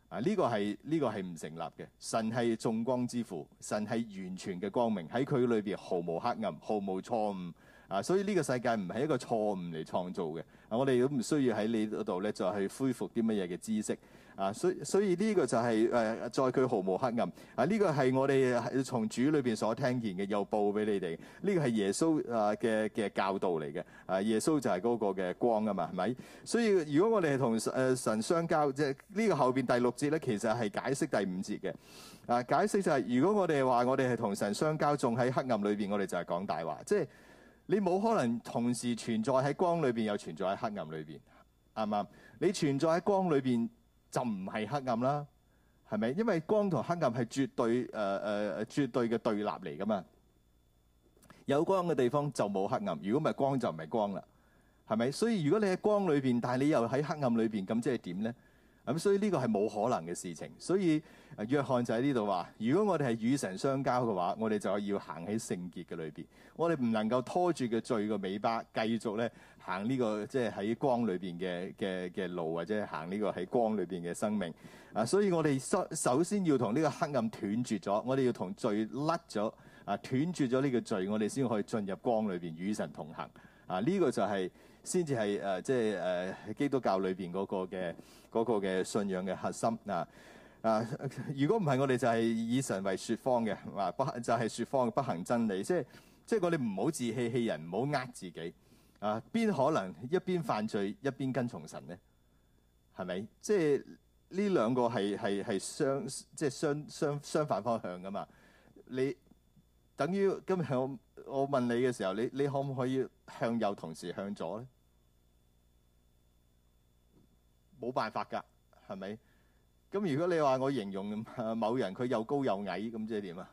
啊，呢個係呢個係唔成立嘅。神係眾光之父，神係完全嘅光明，喺佢裏邊毫無黑暗，毫無錯誤。啊，所以呢個世界唔係一個錯誤嚟創造嘅。啊，我哋都唔需要喺你嗰度咧，就去恢復啲乜嘢嘅知識。啊，所以所以呢個就係、是、誒，在、啊、佢毫無黑暗啊。呢、這個係我哋係從主裏邊所聽見嘅，又報俾你哋。呢、這個係耶穌啊嘅嘅教導嚟嘅啊。耶穌就係嗰個嘅光啊嘛，係咪？所以如果我哋係同誒神相交，即係呢個後邊第六節咧，其實係解釋第五節嘅啊。解釋就係如果我哋話我哋係同神相交，仲喺黑暗裏邊，我哋就係講大話。即、就、係、是、你冇可能同時存在喺光裏邊，又存在喺黑暗裏邊，啱唔啱？你存在喺光裏邊。就唔係黑暗啦，係咪？因為光同黑暗係絕對誒誒誒絕對嘅對立嚟㗎嘛。有光嘅地方就冇黑暗，如果唔係光就唔係光啦，係咪？所以如果你喺光裏邊，但係你又喺黑暗裏邊，咁即係點咧？咁、嗯、所以呢個係冇可能嘅事情。所以約翰就喺呢度話：「如果我哋係與神相交嘅話，我哋就要行喺聖潔嘅裏邊，我哋唔能夠拖住個罪嘅尾巴繼續咧。行呢個即係喺光裏邊嘅嘅嘅路，或者行呢個喺光裏邊嘅生命啊！所以我哋首首先要同呢個黑暗斷絕咗，我哋要同罪甩咗啊，斷絕咗呢個罪，我哋先可以進入光裏邊與神同行啊！呢個就係先至係誒，即係誒基督教裏邊嗰個嘅嗰個嘅信仰嘅核心嗱啊，啊！如果唔係，我哋就係以神為説謊嘅話，不就係、是、説謊嘅不行真理，即係即係我哋唔好自欺欺人，唔好呃自己。啊，邊可能一邊犯罪一邊跟從神咧？係咪？即係呢兩個係係係雙即係雙雙相反方向噶嘛，你，你等於今日我我問你嘅時候，你你可唔可以向右同時向左咧？冇辦法㗎，係咪？咁如果你話我形容某人佢又高又矮，咁即係點啊？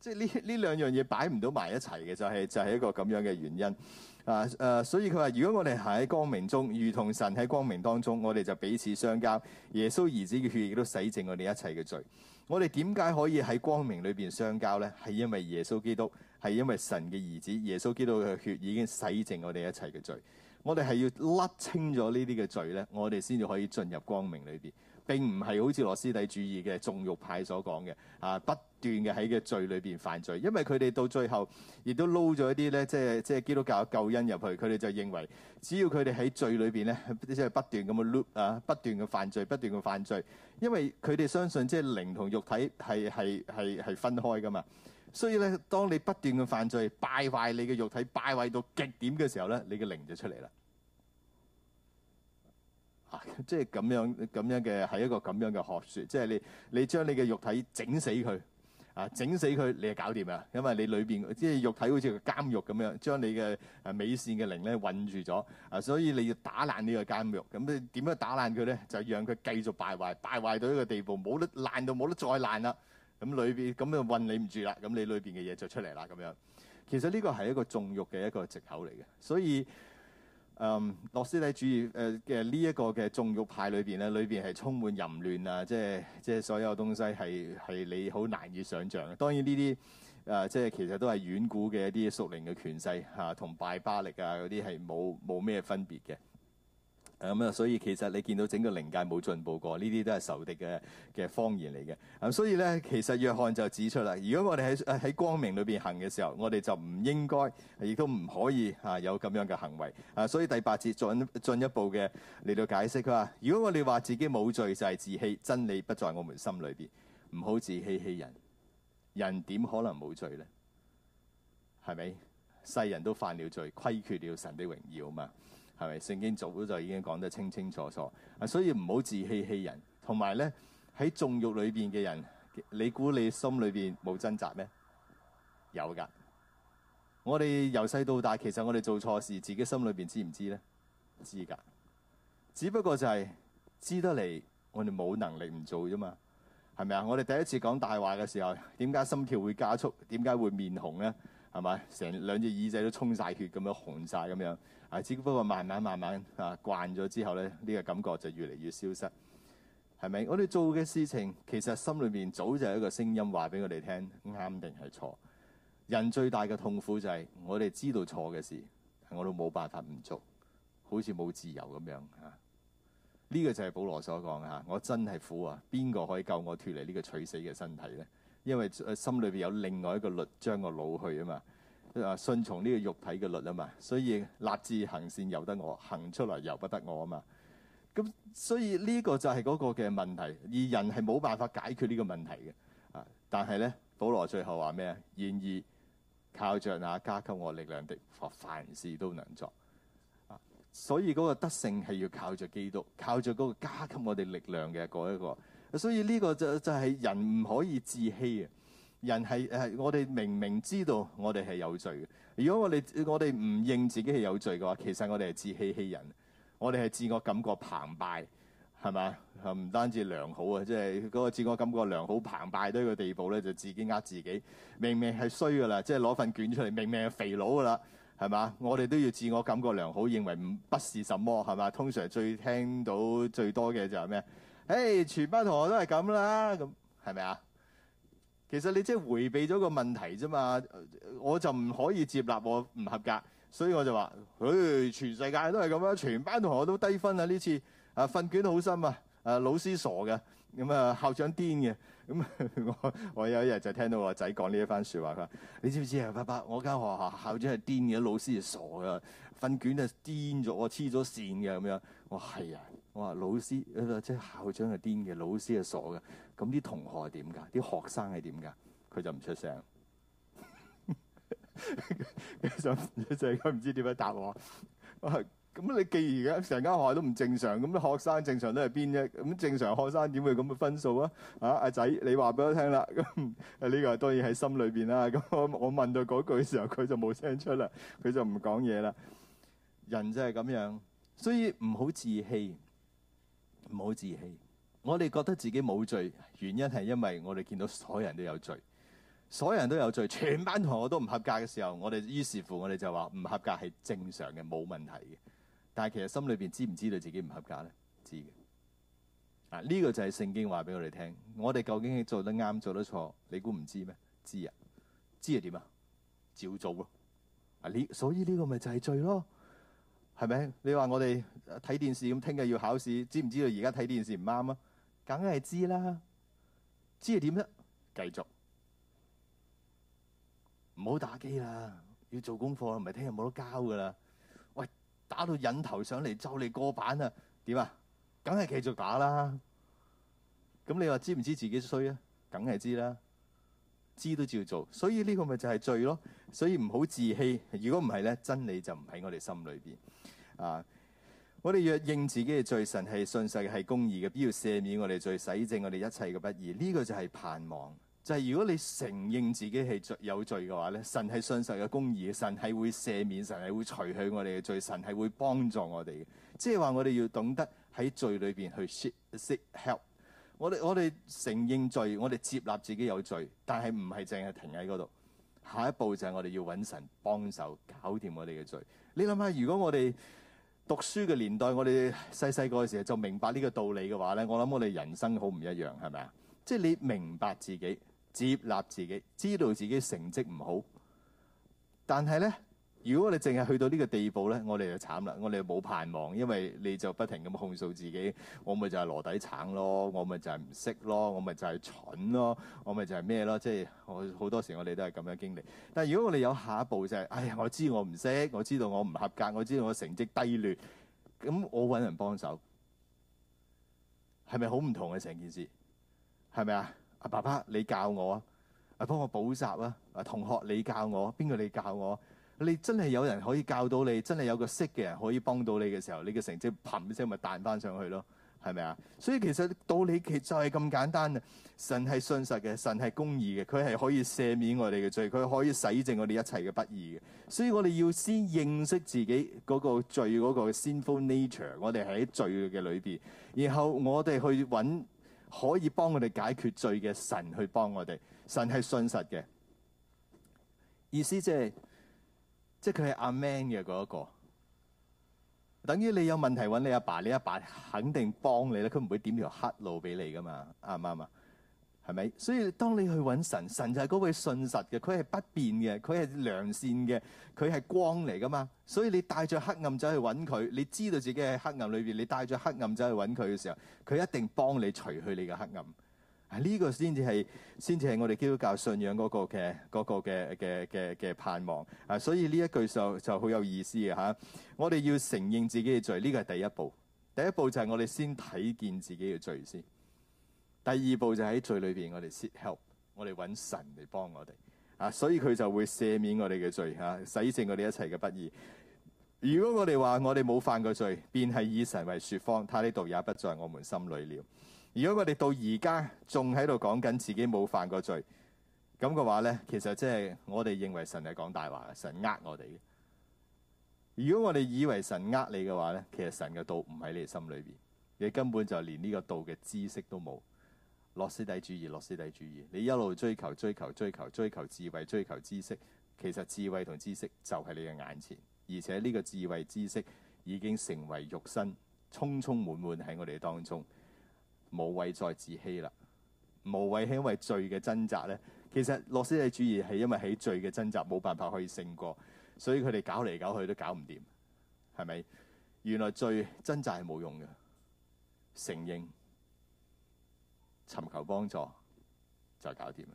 即係呢呢兩樣嘢擺唔到埋一齊嘅，就係、是、就係、是、一個咁樣嘅原因。啊！誒，所以佢話：如果我哋行喺光明中，如同神喺光明當中，我哋就彼此相交。耶穌兒子嘅血液亦都洗淨我哋一切嘅罪。我哋點解可以喺光明裏面相交呢？係因為耶穌基督，係因為神嘅兒子，耶穌基督嘅血已經洗淨我哋一切嘅罪。我哋係要甩清咗呢啲嘅罪呢，我哋先至可以進入光明裏面。並唔係好似羅斯底主義嘅縱慾派所講嘅，啊，不斷嘅喺個罪裏邊犯罪，因為佢哋到最後亦都撈咗一啲咧，即係即係基督教嘅救恩入去，佢哋就認為只要佢哋喺罪裏邊咧，即係不斷咁嘅 loop 啊，不斷嘅犯罪，不斷嘅犯罪，因為佢哋相信即係靈同肉體係係係係分開噶嘛，所以咧，當你不斷嘅犯罪敗壞你嘅肉體，敗壞到極點嘅時候咧，你嘅靈就出嚟啦。啊、即係咁樣咁樣嘅，係一個咁樣嘅學説，即係你你將你嘅肉體整死佢，啊整死佢你就搞掂啦，因為你裏邊即係肉體好似個監獄咁樣，將你嘅誒美善嘅靈咧困住咗，啊所以你要打爛呢個監獄，咁你點樣打爛佢咧？就讓佢繼續敗壞，敗壞到一個地步，冇得爛到冇得再爛啦，咁裏邊咁就困你唔住啦，咁你裏邊嘅嘢就出嚟啦咁樣。其實呢個係一個縱欲嘅一個藉口嚟嘅，所以。嗯、um，諾斯底主義誒嘅呢一個嘅縱欲派裏邊咧，裏邊係充滿淫亂啊！即係即係所有東西係係你好難以想像的。當然呢啲誒即係其實都係遠古嘅一啲蘇寧嘅權勢嚇，同、啊、拜巴力啊嗰啲係冇冇咩分別嘅。咁、嗯、啊，所以其實你見到整個靈界冇進步過，呢啲都係仇敵嘅嘅謊言嚟嘅。咁、嗯、所以咧，其實約翰就指出啦，如果我哋喺喺光明裏邊行嘅時候，我哋就唔應該，亦都唔可以啊有咁樣嘅行為。啊，所以第八節進進一步嘅嚟到解釋佢話：如果我哋話自己冇罪，就係自欺，真理不在我們心裏邊，唔好自欺欺人。人點可能冇罪咧？係咪世人都犯了罪，虧缺了神的榮耀嘛？係咪？聖經早就已經講得清清楚楚啊！所以唔好自欺欺人。同埋咧，喺縱欲裏邊嘅人，你估你心裏邊冇掙扎咩？有噶。我哋由細到大，其實我哋做錯事，自己心裏邊知唔知咧？知噶。只不過就係、是、知得嚟，我哋冇能力唔做啫嘛。係咪啊？我哋第一次講大話嘅時候，點解心跳會加速？點解會面紅咧？係咪？成兩隻耳仔都沖晒血咁樣紅晒，咁樣，啊只不過慢慢慢慢啊慣咗之後咧，呢、這個感覺就越嚟越消失，係咪？我哋做嘅事情其實心裏面早就有一個聲音話俾我哋聽，啱定係錯。人最大嘅痛苦就係、是、我哋知道錯嘅事，我都冇辦法唔做，好似冇自由咁樣啊！呢、這個就係保羅所講嚇、啊，我真係苦啊！邊個可以救我脫離呢個取死嘅身體咧？因為心裏邊有另外一個律將我擄去啊嘛，啊順從呢個肉體嘅律啊嘛，所以立志行善由得我，行出嚟由不得我啊嘛。咁所以呢個就係嗰個嘅問題，而人係冇辦法解決呢個問題嘅。啊，但係咧，保羅最後話咩啊？然而靠着那加給我力量的，啊，凡事都能作。啊，所以嗰個得勝係要靠著基督，靠著嗰個加給我哋力量嘅嗰一個。所以呢個就就係人唔可以自欺。人係我哋明明知道我哋係有罪嘅。如果我哋我哋唔認自己係有罪嘅話，其實我哋係自欺欺人。我哋係自我感覺澎湃，係嘛？唔單止良好啊，即係嗰個自我感覺良好澎湃到一個地步咧，就自己呃自己。明明係衰噶啦，即係攞份卷出嚟，明明係肥佬噶啦，係嘛？我哋都要自我感覺良好，認為唔不是什麼，係嘛？通常最聽到最多嘅就係咩？誒、hey，全班同學都係咁啦，咁係咪啊？其實你即係迴避咗個問題啫嘛，我就唔可以接納我唔合格，所以我就話，誒、hey，全世界都係咁啦，全班同學都低分啊！呢次啊，訓卷好深啊，誒，老師傻嘅，咁啊，校長癲嘅，咁、啊、我我有一日就聽到我仔講呢一番說話，佢話：你知唔知啊，爸爸？我間學校校，校長係癲嘅，老師係傻嘅，訓卷係癲咗啊，黐咗線嘅咁樣。我係啊。我話老師，即係校長係癲嘅，老師係傻嘅。咁啲同學係點㗎？啲學生係點㗎？佢就唔出聲。想就係佢唔知點樣答我啊？咁你既然而家成間學校都唔正常，咁學生正常都係癲啫？咁正常學生點會咁嘅分數啊？啊，阿仔，你話俾我聽啦。咁呢個當然喺心裏邊啦。咁我我問到嗰句嘅時候，佢就冇聲出啦，佢就唔講嘢啦。人就係咁樣，所以唔好自棄。唔好自欺，我哋覺得自己冇罪，原因係因為我哋見到所有人都有罪，所有人都有罪，全班同學都唔合格嘅時候，我哋於是乎我哋就話唔合格係正常嘅，冇問題嘅。但係其實心裏邊知唔知道自己唔合格咧？知嘅。啊，呢個就係聖經話俾我哋聽，我哋究竟做得啱，做得錯，你估唔知咩？知啊，知係點啊？照做咯。啊呢，所以呢個咪就係罪咯。係咪？你話我哋睇電視咁聽日要考試，知唔知道而家睇電視唔啱啊？梗係知啦，知係點啫？繼續，唔好打機啦，要做功課，唔係聽日冇得交噶啦。喂，打到癮頭上嚟就嚟過版啦，點啊？梗係繼續打啦。咁你話知唔知自己衰啊？梗係知啦，知都照做，所以呢個咪就係罪咯。所以唔好自欺，如果唔係咧，真理就唔喺我哋心裏邊。啊，我哋若認自己嘅罪，神係信實嘅，係公義嘅，必要赦免我哋罪，洗淨我哋一切嘅不義。呢、這個就係盼望，就係、是、如果你承認自己係罪有罪嘅話咧，神係信實嘅公義嘅，神係會赦免，神係會除去我哋嘅罪，神係會幫助我哋嘅。即係話我哋要懂得喺罪裏邊去 seek seek help。我哋我哋承認罪，我哋接納自己有罪，但係唔係淨係停喺嗰度。下一步就係我哋要搵神幫手搞掂我哋嘅罪。你諗下，如果我哋讀書嘅年代，我哋細細個嘅時候就明白呢個道理嘅話咧，我諗我哋人生好唔一樣，係咪啊？即係你明白自己、接納自己、知道自己成績唔好，但係咧。如果你淨係去到呢個地步咧，我哋就慘啦。我哋冇盼望，因為你就不停咁控訴自己，我咪就係籮底橙咯，我咪就係唔識咯，我咪就係蠢咯，我咪就係咩咯，咯？即係我好多時，我哋都係咁樣經歷。但係如果我哋有下一步就係、是，哎呀，我知我唔識，我知道我唔合格，我知道我成績低劣，咁我揾人幫手係咪好唔同嘅、啊、成件事？係咪啊？阿爸爸，你教我啊，幫我補習啊。同學，你教我，邊個你教我？你真係有人可以教到你，真係有個識嘅人可以幫到你嘅時候，你嘅成績嘭聲咪彈翻上去咯，係咪啊？所以其實道理就係咁簡單啊。神係信實嘅，神係公義嘅，佢係可以赦免我哋嘅罪，佢可以洗淨我哋一切嘅不義嘅。所以我哋要先認識自己嗰個罪嗰、那個 sinful nature，我哋喺罪嘅裏邊，然後我哋去揾可以幫我哋解決罪嘅神去幫我哋。神係信實嘅，意思即係。即係佢係阿 Man 嘅嗰一個，等於你有問題揾你阿爸，你阿爸肯定幫你啦。佢唔會點條黑路俾你噶嘛？啱唔啱啊？係咪？所以當你去揾神，神就係嗰位信實嘅，佢係不變嘅，佢係良善嘅，佢係光嚟噶嘛。所以你帶着黑暗走去揾佢，你知道自己喺黑暗裏面，你帶着黑暗走去揾佢嘅時候，佢一定幫你除去你嘅黑暗。呢、啊這個先至係，先至係我哋基督教信仰嗰個嘅嗰嘅嘅嘅嘅盼望。啊，所以呢一句就就好有意思嘅嚇、啊。我哋要承認自己嘅罪，呢個係第一步。第一步就係我哋先睇見自己嘅罪先。第二步就喺罪裏邊，我哋先 help，我哋揾神嚟幫我哋。啊，所以佢就會赦免我哋嘅罪嚇、啊，洗淨我哋一切嘅不義。如果我哋話我哋冇犯過罪，便係以神為説謊，他呢道也不在我們心裏了。如果我哋到而家仲喺度講緊自己冇犯過罪咁嘅話呢，其實即係我哋認為神係講大話，神呃我哋嘅。如果我哋以為神呃你嘅話呢，其實神嘅道唔喺你心裏邊，你根本就連呢個道嘅知識都冇。諾斯底主義，諾斯底主義，你一路追求、追求、追求、追求智慧、追求知識，其實智慧同知識就喺你嘅眼前，而且呢個智慧知識已經成為肉身，充充滿滿喺我哋當中。無謂再自欺啦，無謂係因為罪嘅掙扎咧，其實諾斯底主義係因為喺罪嘅掙扎，冇辦法可以勝過，所以佢哋搞嚟搞去都搞唔掂，係咪？原來罪掙扎係冇用嘅，承認、尋求幫助，就搞掂啦，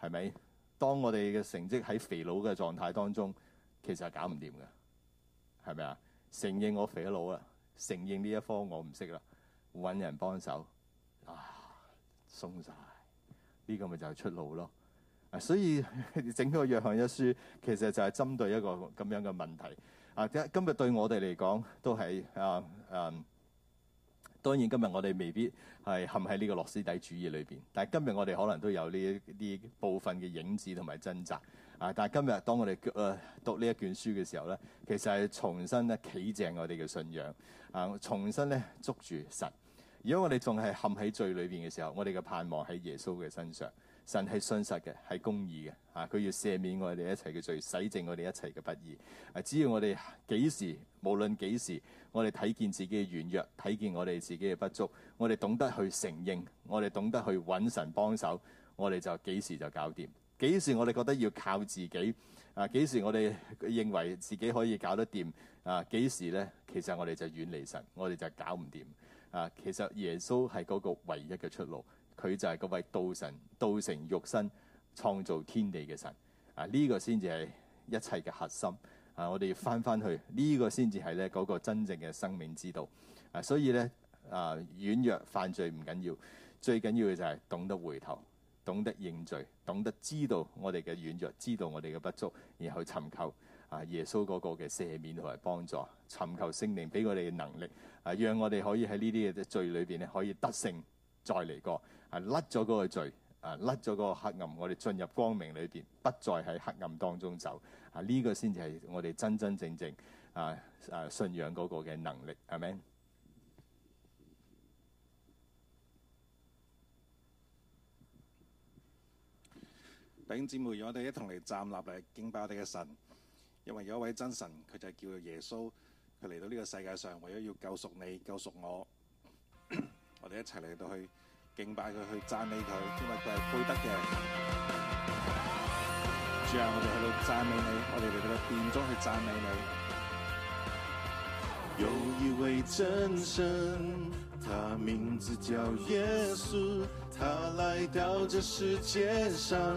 係咪？當我哋嘅成績喺肥佬嘅狀態當中，其實係搞唔掂嘅，係咪啊？承認我肥佬啦，承認呢一科我唔識啦。揾人幫手啊，鬆晒呢個咪就係出路咯。啊，所以整個約翰一書其實就係針對一個咁樣嘅問題。啊，今日對我哋嚟講都係啊啊。當然今日我哋未必係陷喺呢個諾斯底主義裏邊，但係今日我哋可能都有呢一啲部分嘅影子同埋掙扎。啊，但係今日當我哋讀呢一卷書嘅時候咧，其實係重新咧企正我哋嘅信仰啊，重新咧捉住神。如果我哋仲係陷喺罪裏面嘅時候，我哋嘅盼望喺耶穌嘅身上。神係信實嘅，係公義嘅啊！佢要赦免我哋一切嘅罪，洗淨我哋一切嘅不義，啊。只要我哋幾時，無論幾時，我哋睇見自己嘅軟弱，睇見我哋自己嘅不足，我哋懂得去承認，我哋懂得去揾神幫手，我哋就幾時就搞掂。幾時我哋覺得要靠自己啊？幾時我哋認為自己可以搞得掂啊？幾時咧，其實我哋就遠離神，我哋就搞唔掂。啊，其實耶穌係嗰個唯一嘅出路，佢就係嗰位道神，道成肉身創造天地嘅神。啊，呢個先至係一切嘅核心。啊，我哋要翻翻去呢個先至係咧嗰個真正嘅生命之道。啊，所以咧啊，軟弱犯罪唔緊要，最緊要嘅就係懂得回頭，懂得認罪，懂得知道我哋嘅軟弱，知道我哋嘅不足，然後尋求。啊！耶穌嗰個嘅赦免同埋幫助，尋求聖靈，俾我哋嘅能力，啊，讓我哋可以喺呢啲嘅罪裏邊咧，可以得勝，再嚟過，啊，甩咗嗰個罪，啊，甩咗嗰個黑暗，我哋進入光明裏邊，不再喺黑暗當中走，啊，呢個先至係我哋真真正正啊啊信仰嗰個嘅能力，係咪？弟兄姊妹，我哋一同嚟站立嚟敬拜我哋嘅神。因為有一位真神，佢就係叫做耶穌，佢嚟到呢個世界上，為咗要救贖你，救贖我， 我哋一齊嚟到去敬拜佢，去讚美佢，因為佢係配得嘅。主啊，我哋喺度讚美你，我哋嚟到殿中去讚美你。有一位真神，他名字叫耶穌，他來到這世界上。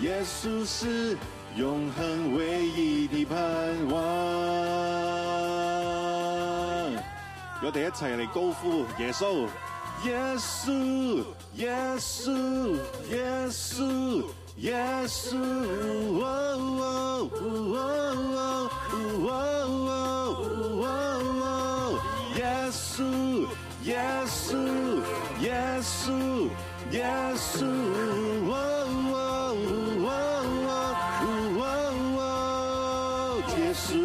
耶穌是永恒唯一的盼望，我哋一齊嚟高呼耶穌！耶穌！耶穌！耶穌！耶穌！耶穌！耶穌！耶穌！哦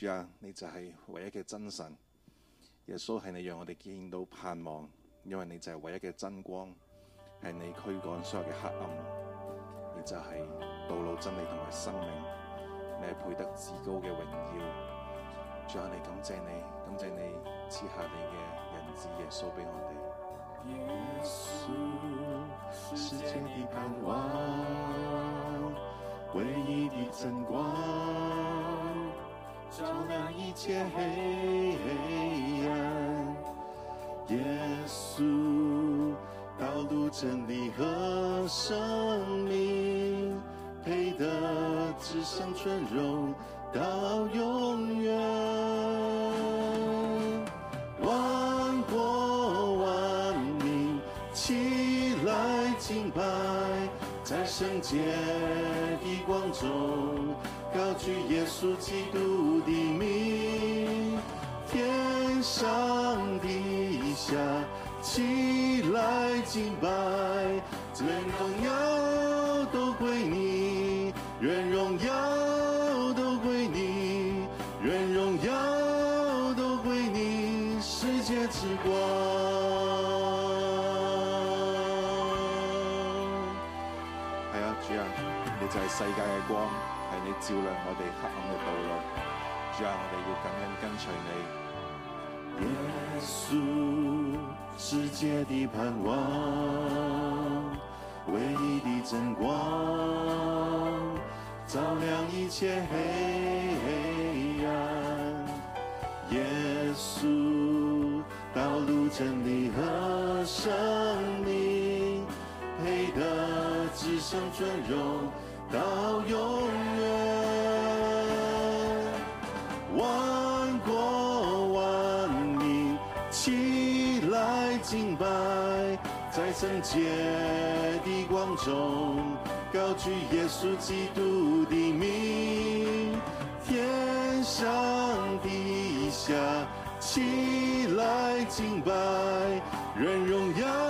主啊，你就係唯一嘅真神，耶穌係你讓我哋見到盼望，因為你就係唯一嘅真光，係你驅趕所有嘅黑暗，你就係道路真理同埋生命，你係配得至高嘅榮耀。主啊，你感謝你，感謝你賜下你嘅人子耶穌俾我哋。耶穌，世界嘅盼望，唯一嘅真光。照亮一切黑，黑暗，耶穌，道路真理和生命，配得至聖尊榮到永遠。萬國萬民起來敬拜，在聖潔的光中。高舉耶穌基督的名，天上地下起來敬拜，願榮耀都歸你，願榮耀都歸你，願榮耀都歸你，世界之光。係、哎、啊，主啊，你就係世界嘅光。照亮我哋黑暗嘅道路，主啊，我哋要感恩跟隨你。耶穌，世界的盼望，唯一的真光，照亮一切黑暗。耶穌，道路真理和生命，配得至聖尊榮到永。在聖潔的光中，高舉耶穌基督的名，天上地下起來敬拜，願榮耀。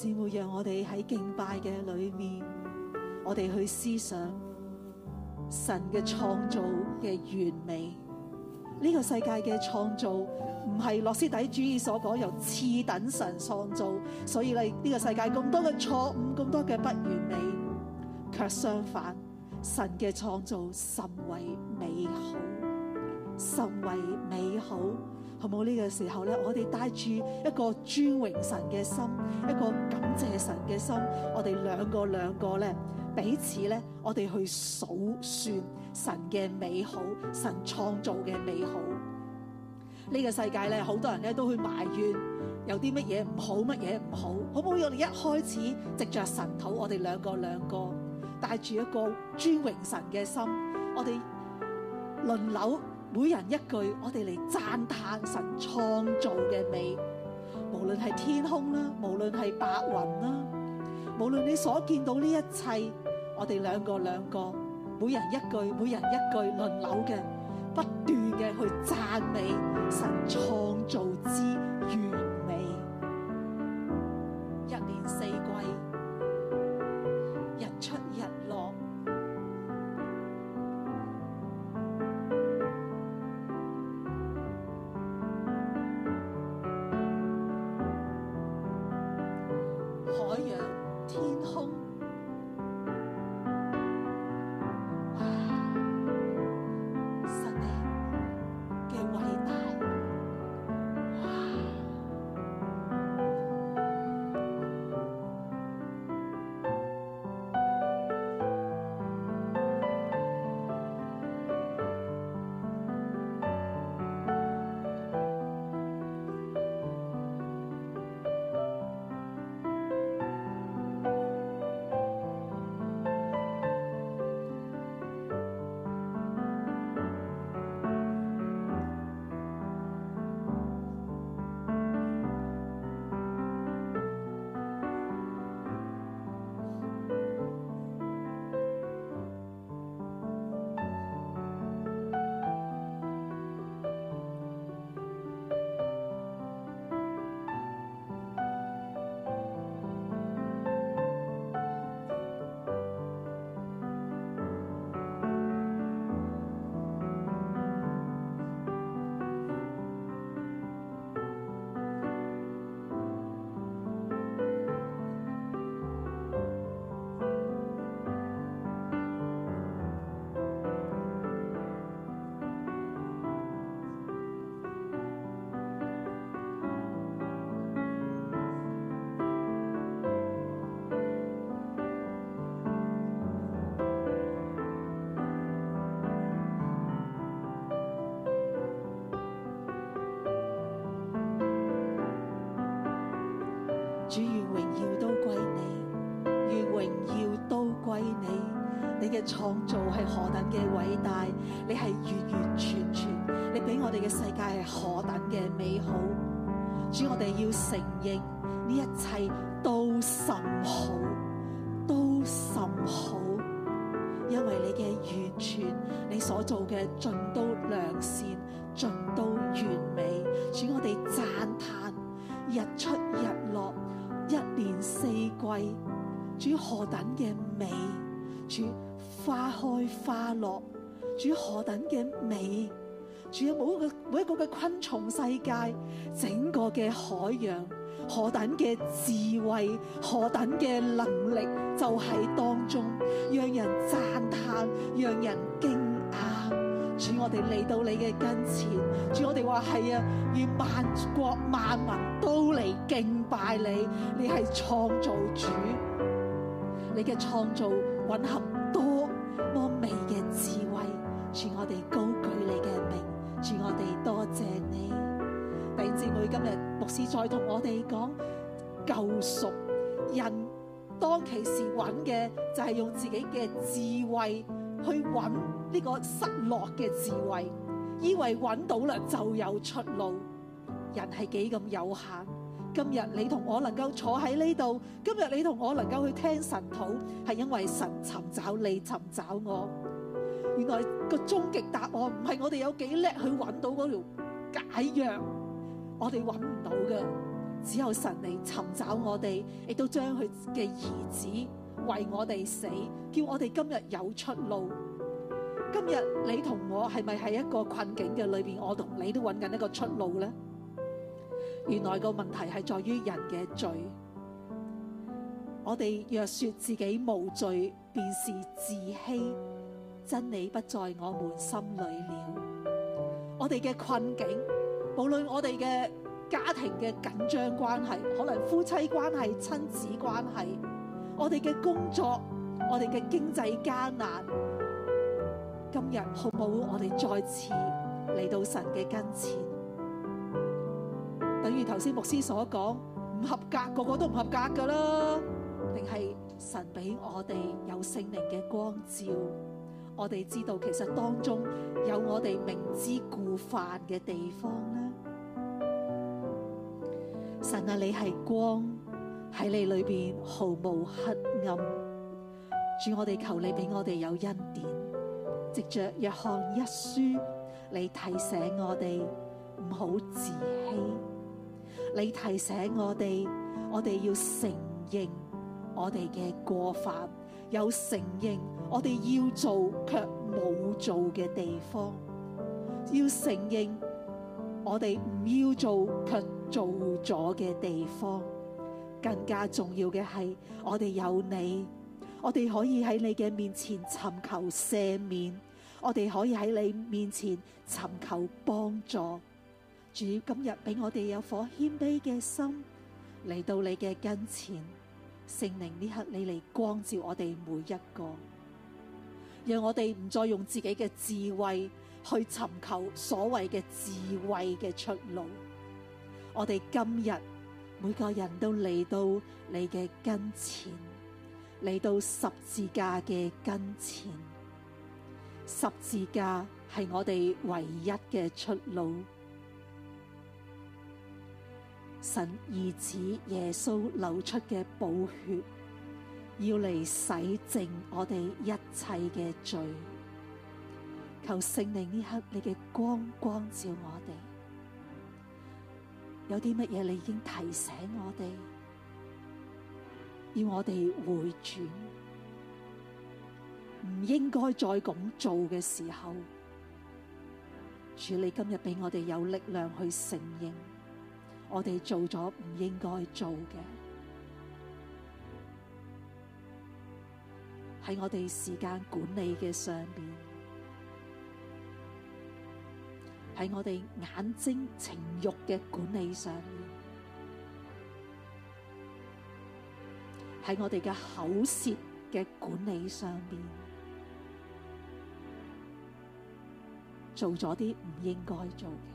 只會讓我哋喺敬拜嘅裏面，我哋去思想神嘅創造嘅完美。呢個世界嘅創造唔係諾斯底主義所講，由次等神創造，所以咧呢個世界咁多嘅錯誤，咁多嘅不完美，卻相反，神嘅創造甚為美好，甚為美好。好冇，呢個時候咧，我哋帶住一個尊榮神嘅心，一個感謝神嘅心，我哋兩個兩個咧，彼此咧，我哋去數算神嘅美好，神創造嘅美好。呢個世界咧，好多人咧都去埋怨，有啲乜嘢唔好，乜嘢唔好，好唔好？我哋一開始直着神土，我哋兩個兩個帶住一個尊榮神嘅心，我哋輪流。每人一句，我哋嚟讚嘆神創造嘅美，無論係天空啦，無論係白雲啦，無論你所見到呢一切，我哋兩個兩個每人一句，每人一句，輪流嘅，不斷嘅去讚美神創造之緣。你嘅創造係何等嘅偉大，你係完完全全，你俾我哋嘅世界係何等嘅美好。主，我哋要承認呢一切都甚好，都甚好，因為你嘅完全，你所做嘅盡都良善，盡都完美。主，我哋讚嘆日出日落，一年四季，主何等嘅美，主。花開花落，主何等嘅美，主有每一個每一個嘅昆蟲世界，整個嘅海洋，何等嘅智慧，何等嘅能力，就喺、是、當中，讓人讚嘆，讓人驚訝。主，我哋嚟到你嘅跟前，主，我哋話係啊，願萬國萬民都嚟敬拜你，你係創造主，你嘅創造混合。係用自己嘅智慧去揾呢個失落嘅智慧，以為揾到啦，就有出路。人係幾咁有限，今日你同我能夠坐喺呢度，今日你同我能夠去聽神討，係因為神尋找你，尋找我。原來個終極答案唔係我哋有幾叻去揾到嗰條解藥，我哋揾唔到嘅，只有神嚟尋找我哋，亦都將佢嘅兒子。為我哋死，叫我哋今日有出路。今日你同我係咪喺一個困境嘅裏邊？我同你都揾緊一個出路呢。原來個問題係在於人嘅罪。我哋若說自己無罪，便是自欺。真理不在我們心裏了。我哋嘅困境，無論我哋嘅家庭嘅緊張關係，可能夫妻關係、親子關係。我哋嘅工作，我哋嘅經濟艱難，今日好唔好我哋再次嚟到神嘅跟前？等於頭先牧師所講，唔合格，個個都唔合格噶啦。定係神俾我哋有聖靈嘅光照，我哋知道其實當中有我哋明知故犯嘅地方咧。神啊，你係光。喺你裏邊毫無黑暗，主，我哋求你俾我哋有恩典，藉着約翰一書，你提醒我哋唔好自欺，你提醒我哋，我哋要承認我哋嘅過犯，有承認我哋要做卻冇做嘅地方，要承認我哋唔要做卻做咗嘅地方。更加重要嘅係，我哋有你，我哋可以喺你嘅面前尋求赦免，我哋可以喺你面前尋求幫助。主要今日俾我哋有顆謙卑嘅心嚟到你嘅跟前，聖靈呢刻你嚟光照我哋每一個，讓我哋唔再用自己嘅智慧去尋求所謂嘅智慧嘅出路。我哋今日。每個人都嚟到你嘅跟前，嚟到十字架嘅跟前。十字架係我哋唯一嘅出路。神兒子耶穌流出嘅寶血，要嚟洗淨我哋一切嘅罪。求聖靈呢刻，你嘅光光照我哋。有啲乜嘢你已經提醒我哋，要我哋回轉，唔應該再咁做嘅時候，主你今日俾我哋有力量去承認，我哋做咗唔應該做嘅，喺我哋時間管理嘅上邊。喺我哋眼睛情欲嘅管理上面，喺我哋嘅口舌嘅管理上面，做咗啲唔應該做嘅，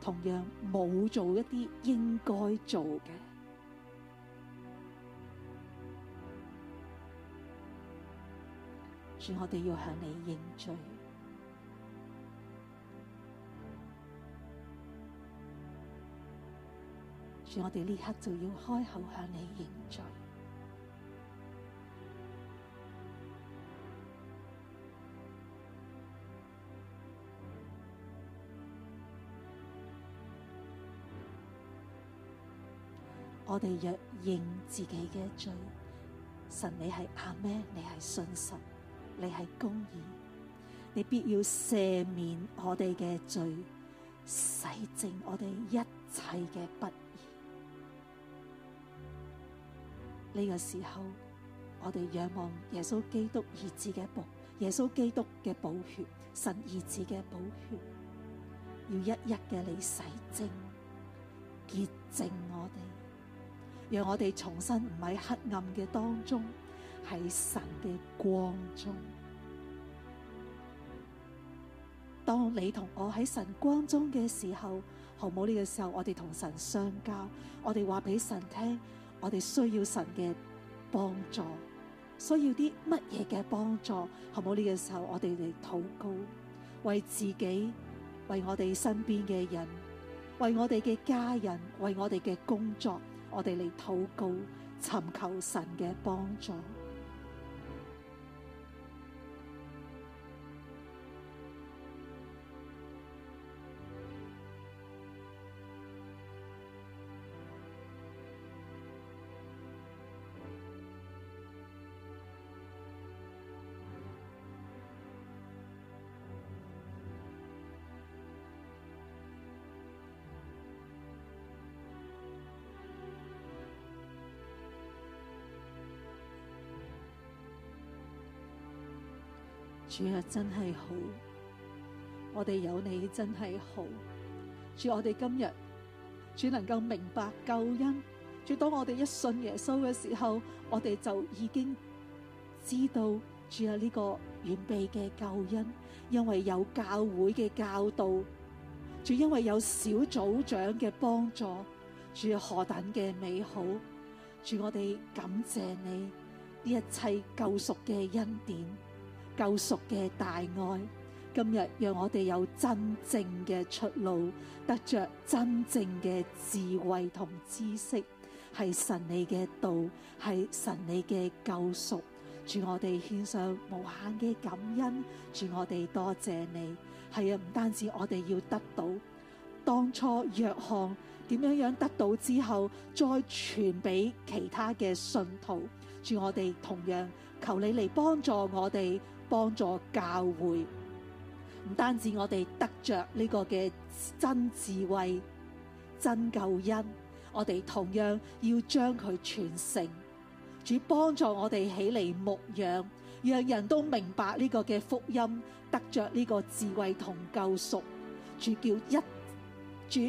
同樣冇做一啲應該做嘅。主，我哋要向你認罪。主，我哋呢刻就要開口向你認罪。我哋若認自己嘅罪，神，你係阿咩？你係信神。你係公義，你必要赦免我哋嘅罪，洗淨我哋一切嘅不義。呢個時候，我哋仰望耶穌基督兒子嘅血，耶穌基督嘅寶血，神兒子嘅寶血，要一一嘅你洗淨、潔淨我哋，讓我哋重新唔喺黑暗嘅當中，喺神嘅光中，當你同我喺神光中嘅時候，好冇？呢個時候，我哋同神相交，我哋話俾神聽，我哋需要神嘅幫助，需要啲乜嘢嘅幫助，好冇？呢個時候，我哋嚟禱告，為自己，為我哋身邊嘅人，為我哋嘅家人，為我哋嘅工作，我哋嚟禱告，尋求神嘅幫助。主啊，真係好！我哋有你真係好。主，我哋今日主能夠明白救恩。主，當我哋一信耶穌嘅時候，我哋就已經知道主有呢個完備嘅救恩。因為有教會嘅教導，主，因為有小組長嘅幫助，主有何等嘅美好！主，我哋感謝你呢一切救贖嘅恩典。救贖嘅大愛，今日讓我哋有真正嘅出路，得着真正嘅智慧同知識，係神你嘅道，係神你嘅救贖。主，我哋獻上無限嘅感恩，主，我哋多謝你。係啊，唔單止我哋要得到當初約翰點樣樣得到之後，再傳俾其他嘅信徒。主，我哋同樣求你嚟幫助我哋。幫助教會唔單止我哋得着呢個嘅真智慧、真救恩，我哋同樣要將佢傳承。主幫助我哋起嚟牧養，讓人都明白呢個嘅福音，得着呢個智慧同救贖。主叫一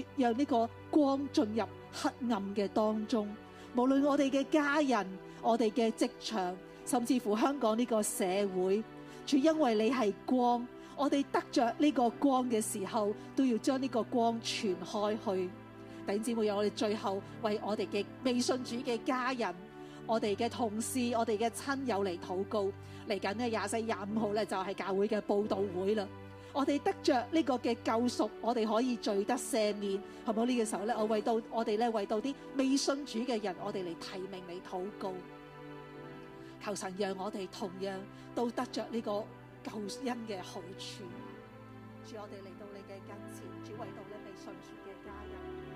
主，讓呢個光進入黑暗嘅當中。無論我哋嘅家人、我哋嘅職場，甚至乎香港呢個社會。主因為你係光，我哋得着呢個光嘅時候，都要將呢個光傳開去。弟兄姊妹，有我哋最後為我哋嘅未信主嘅家人、我哋嘅同事、我哋嘅親友嚟禱告。嚟緊咧，廿四廿五號咧就係、是、教會嘅佈道會啦。我哋得着呢個嘅救贖，我哋可以聚得赦免，係好？呢、這個時候咧，我為到我哋咧為到啲未信主嘅人，我哋嚟提名嚟禱告。求神讓我哋同樣都得着呢個救恩嘅好處，主我哋嚟到你嘅跟前，主為到咧未信主嘅家人，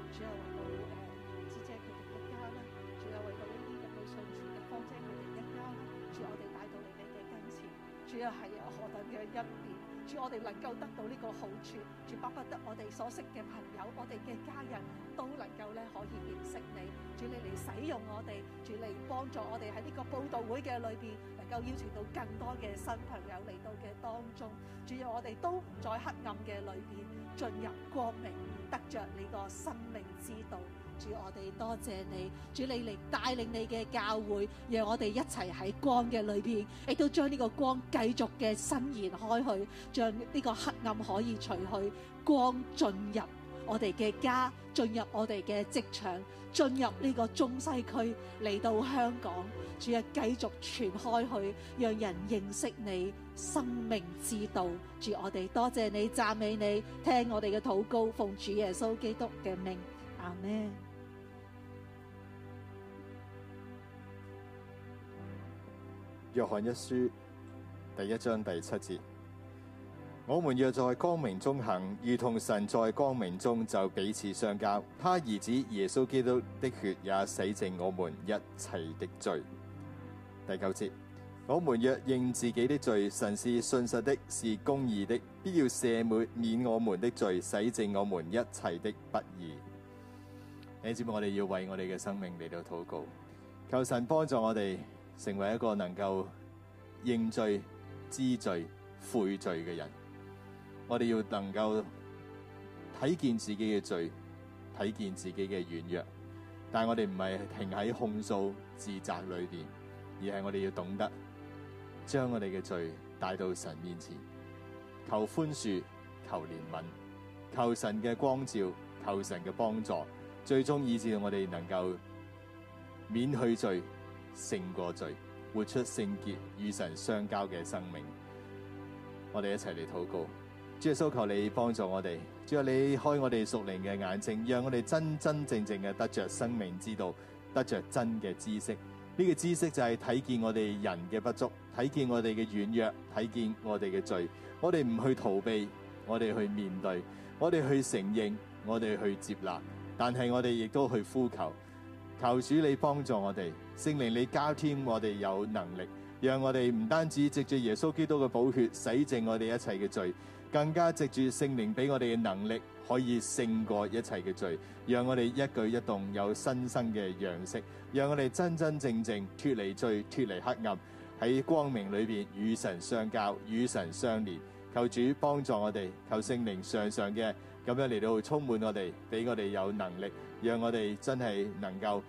主又為到誒志姐佢哋一家啦，主又為到呢啲咁未信主嘅方姐佢哋一家啦，主我哋帶到你哋嘅跟前，主又係有何等嘅恩典。主我哋能夠得到呢個好處，主巴不得我哋所識嘅朋友，我哋嘅家人都能夠咧可以認識你，主你嚟使用我哋，主你幫助我哋喺呢個佈道會嘅裏面能夠邀請到更多嘅新朋友嚟到嘅當中，主要我哋都唔再喺黑暗嘅裏面進入光明，得著你個生命之道。主我哋多謝你，主你嚟帶領你嘅教會，讓我哋一齊喺光嘅裏邊，亦都將呢個光繼續嘅伸延開去，將呢個黑暗可以除去，光進入我哋嘅家，進入我哋嘅職場，進入呢個中西區嚟到香港，主啊，繼續傳開去，讓人認識你生命之道。主我哋多謝你，讚美你，聽我哋嘅禱告，奉主耶穌基督嘅名，阿門。約翰一書第一章第七節：我們若在光明中行，如同神在光明中，就彼此相交。他兒子耶穌基督的血也洗淨我們一切的罪。第九節：我們若認自己的罪，神是信實的，是公義的，必要赦免我們的罪，洗淨我們一切的不義。你知唔知，我哋要為我哋嘅生命嚟到禱告？求神幫助我哋。成為一個能夠認罪、知罪、悔罪嘅人，我哋要能夠睇見自己嘅罪，睇見自己嘅軟弱，但係我哋唔係停喺控訴、自責裏邊，而係我哋要懂得將我哋嘅罪帶到神面前，求寬恕、求憐憫、求神嘅光照、求神嘅幫助，最終以至我哋能夠免去罪，勝過罪，活出聖潔與神相交嘅生命。我哋一齊嚟禱告。主耶穌，求你幫助我哋。主，求你開我哋屬靈嘅眼睛，讓我哋真真正正嘅得着生命之道，得着真嘅知識。呢個知識就係睇見我哋人嘅不足，睇見我哋嘅軟弱，睇見我哋嘅罪。我哋唔去逃避，我哋去面對，我哋去承認，我哋去接納，但係我哋亦都去呼求，求主你幫助我哋。聖靈，你加添我哋有能力，讓我哋唔單止藉住耶穌基督嘅寶血洗淨我哋一切嘅罪，更加藉住聖靈俾我哋嘅能力，可以勝過一切嘅罪，讓我哋一舉一動有新生嘅樣式，讓我哋真真正正脱離罪、脱離黑暗，喺光明裏邊與神相交、與神相連。求主幫助我哋，求聖靈上上嘅咁樣嚟到充滿我哋，俾我哋有能力，讓我哋真係能夠。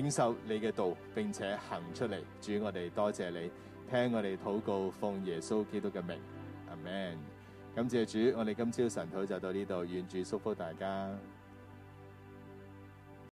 領受你嘅道，並且行出嚟。主，我哋多謝你，聽我哋禱告，奉耶穌基督嘅名，Amen。感謝主，我哋今朝晨禱就到呢度，願主祝福大家。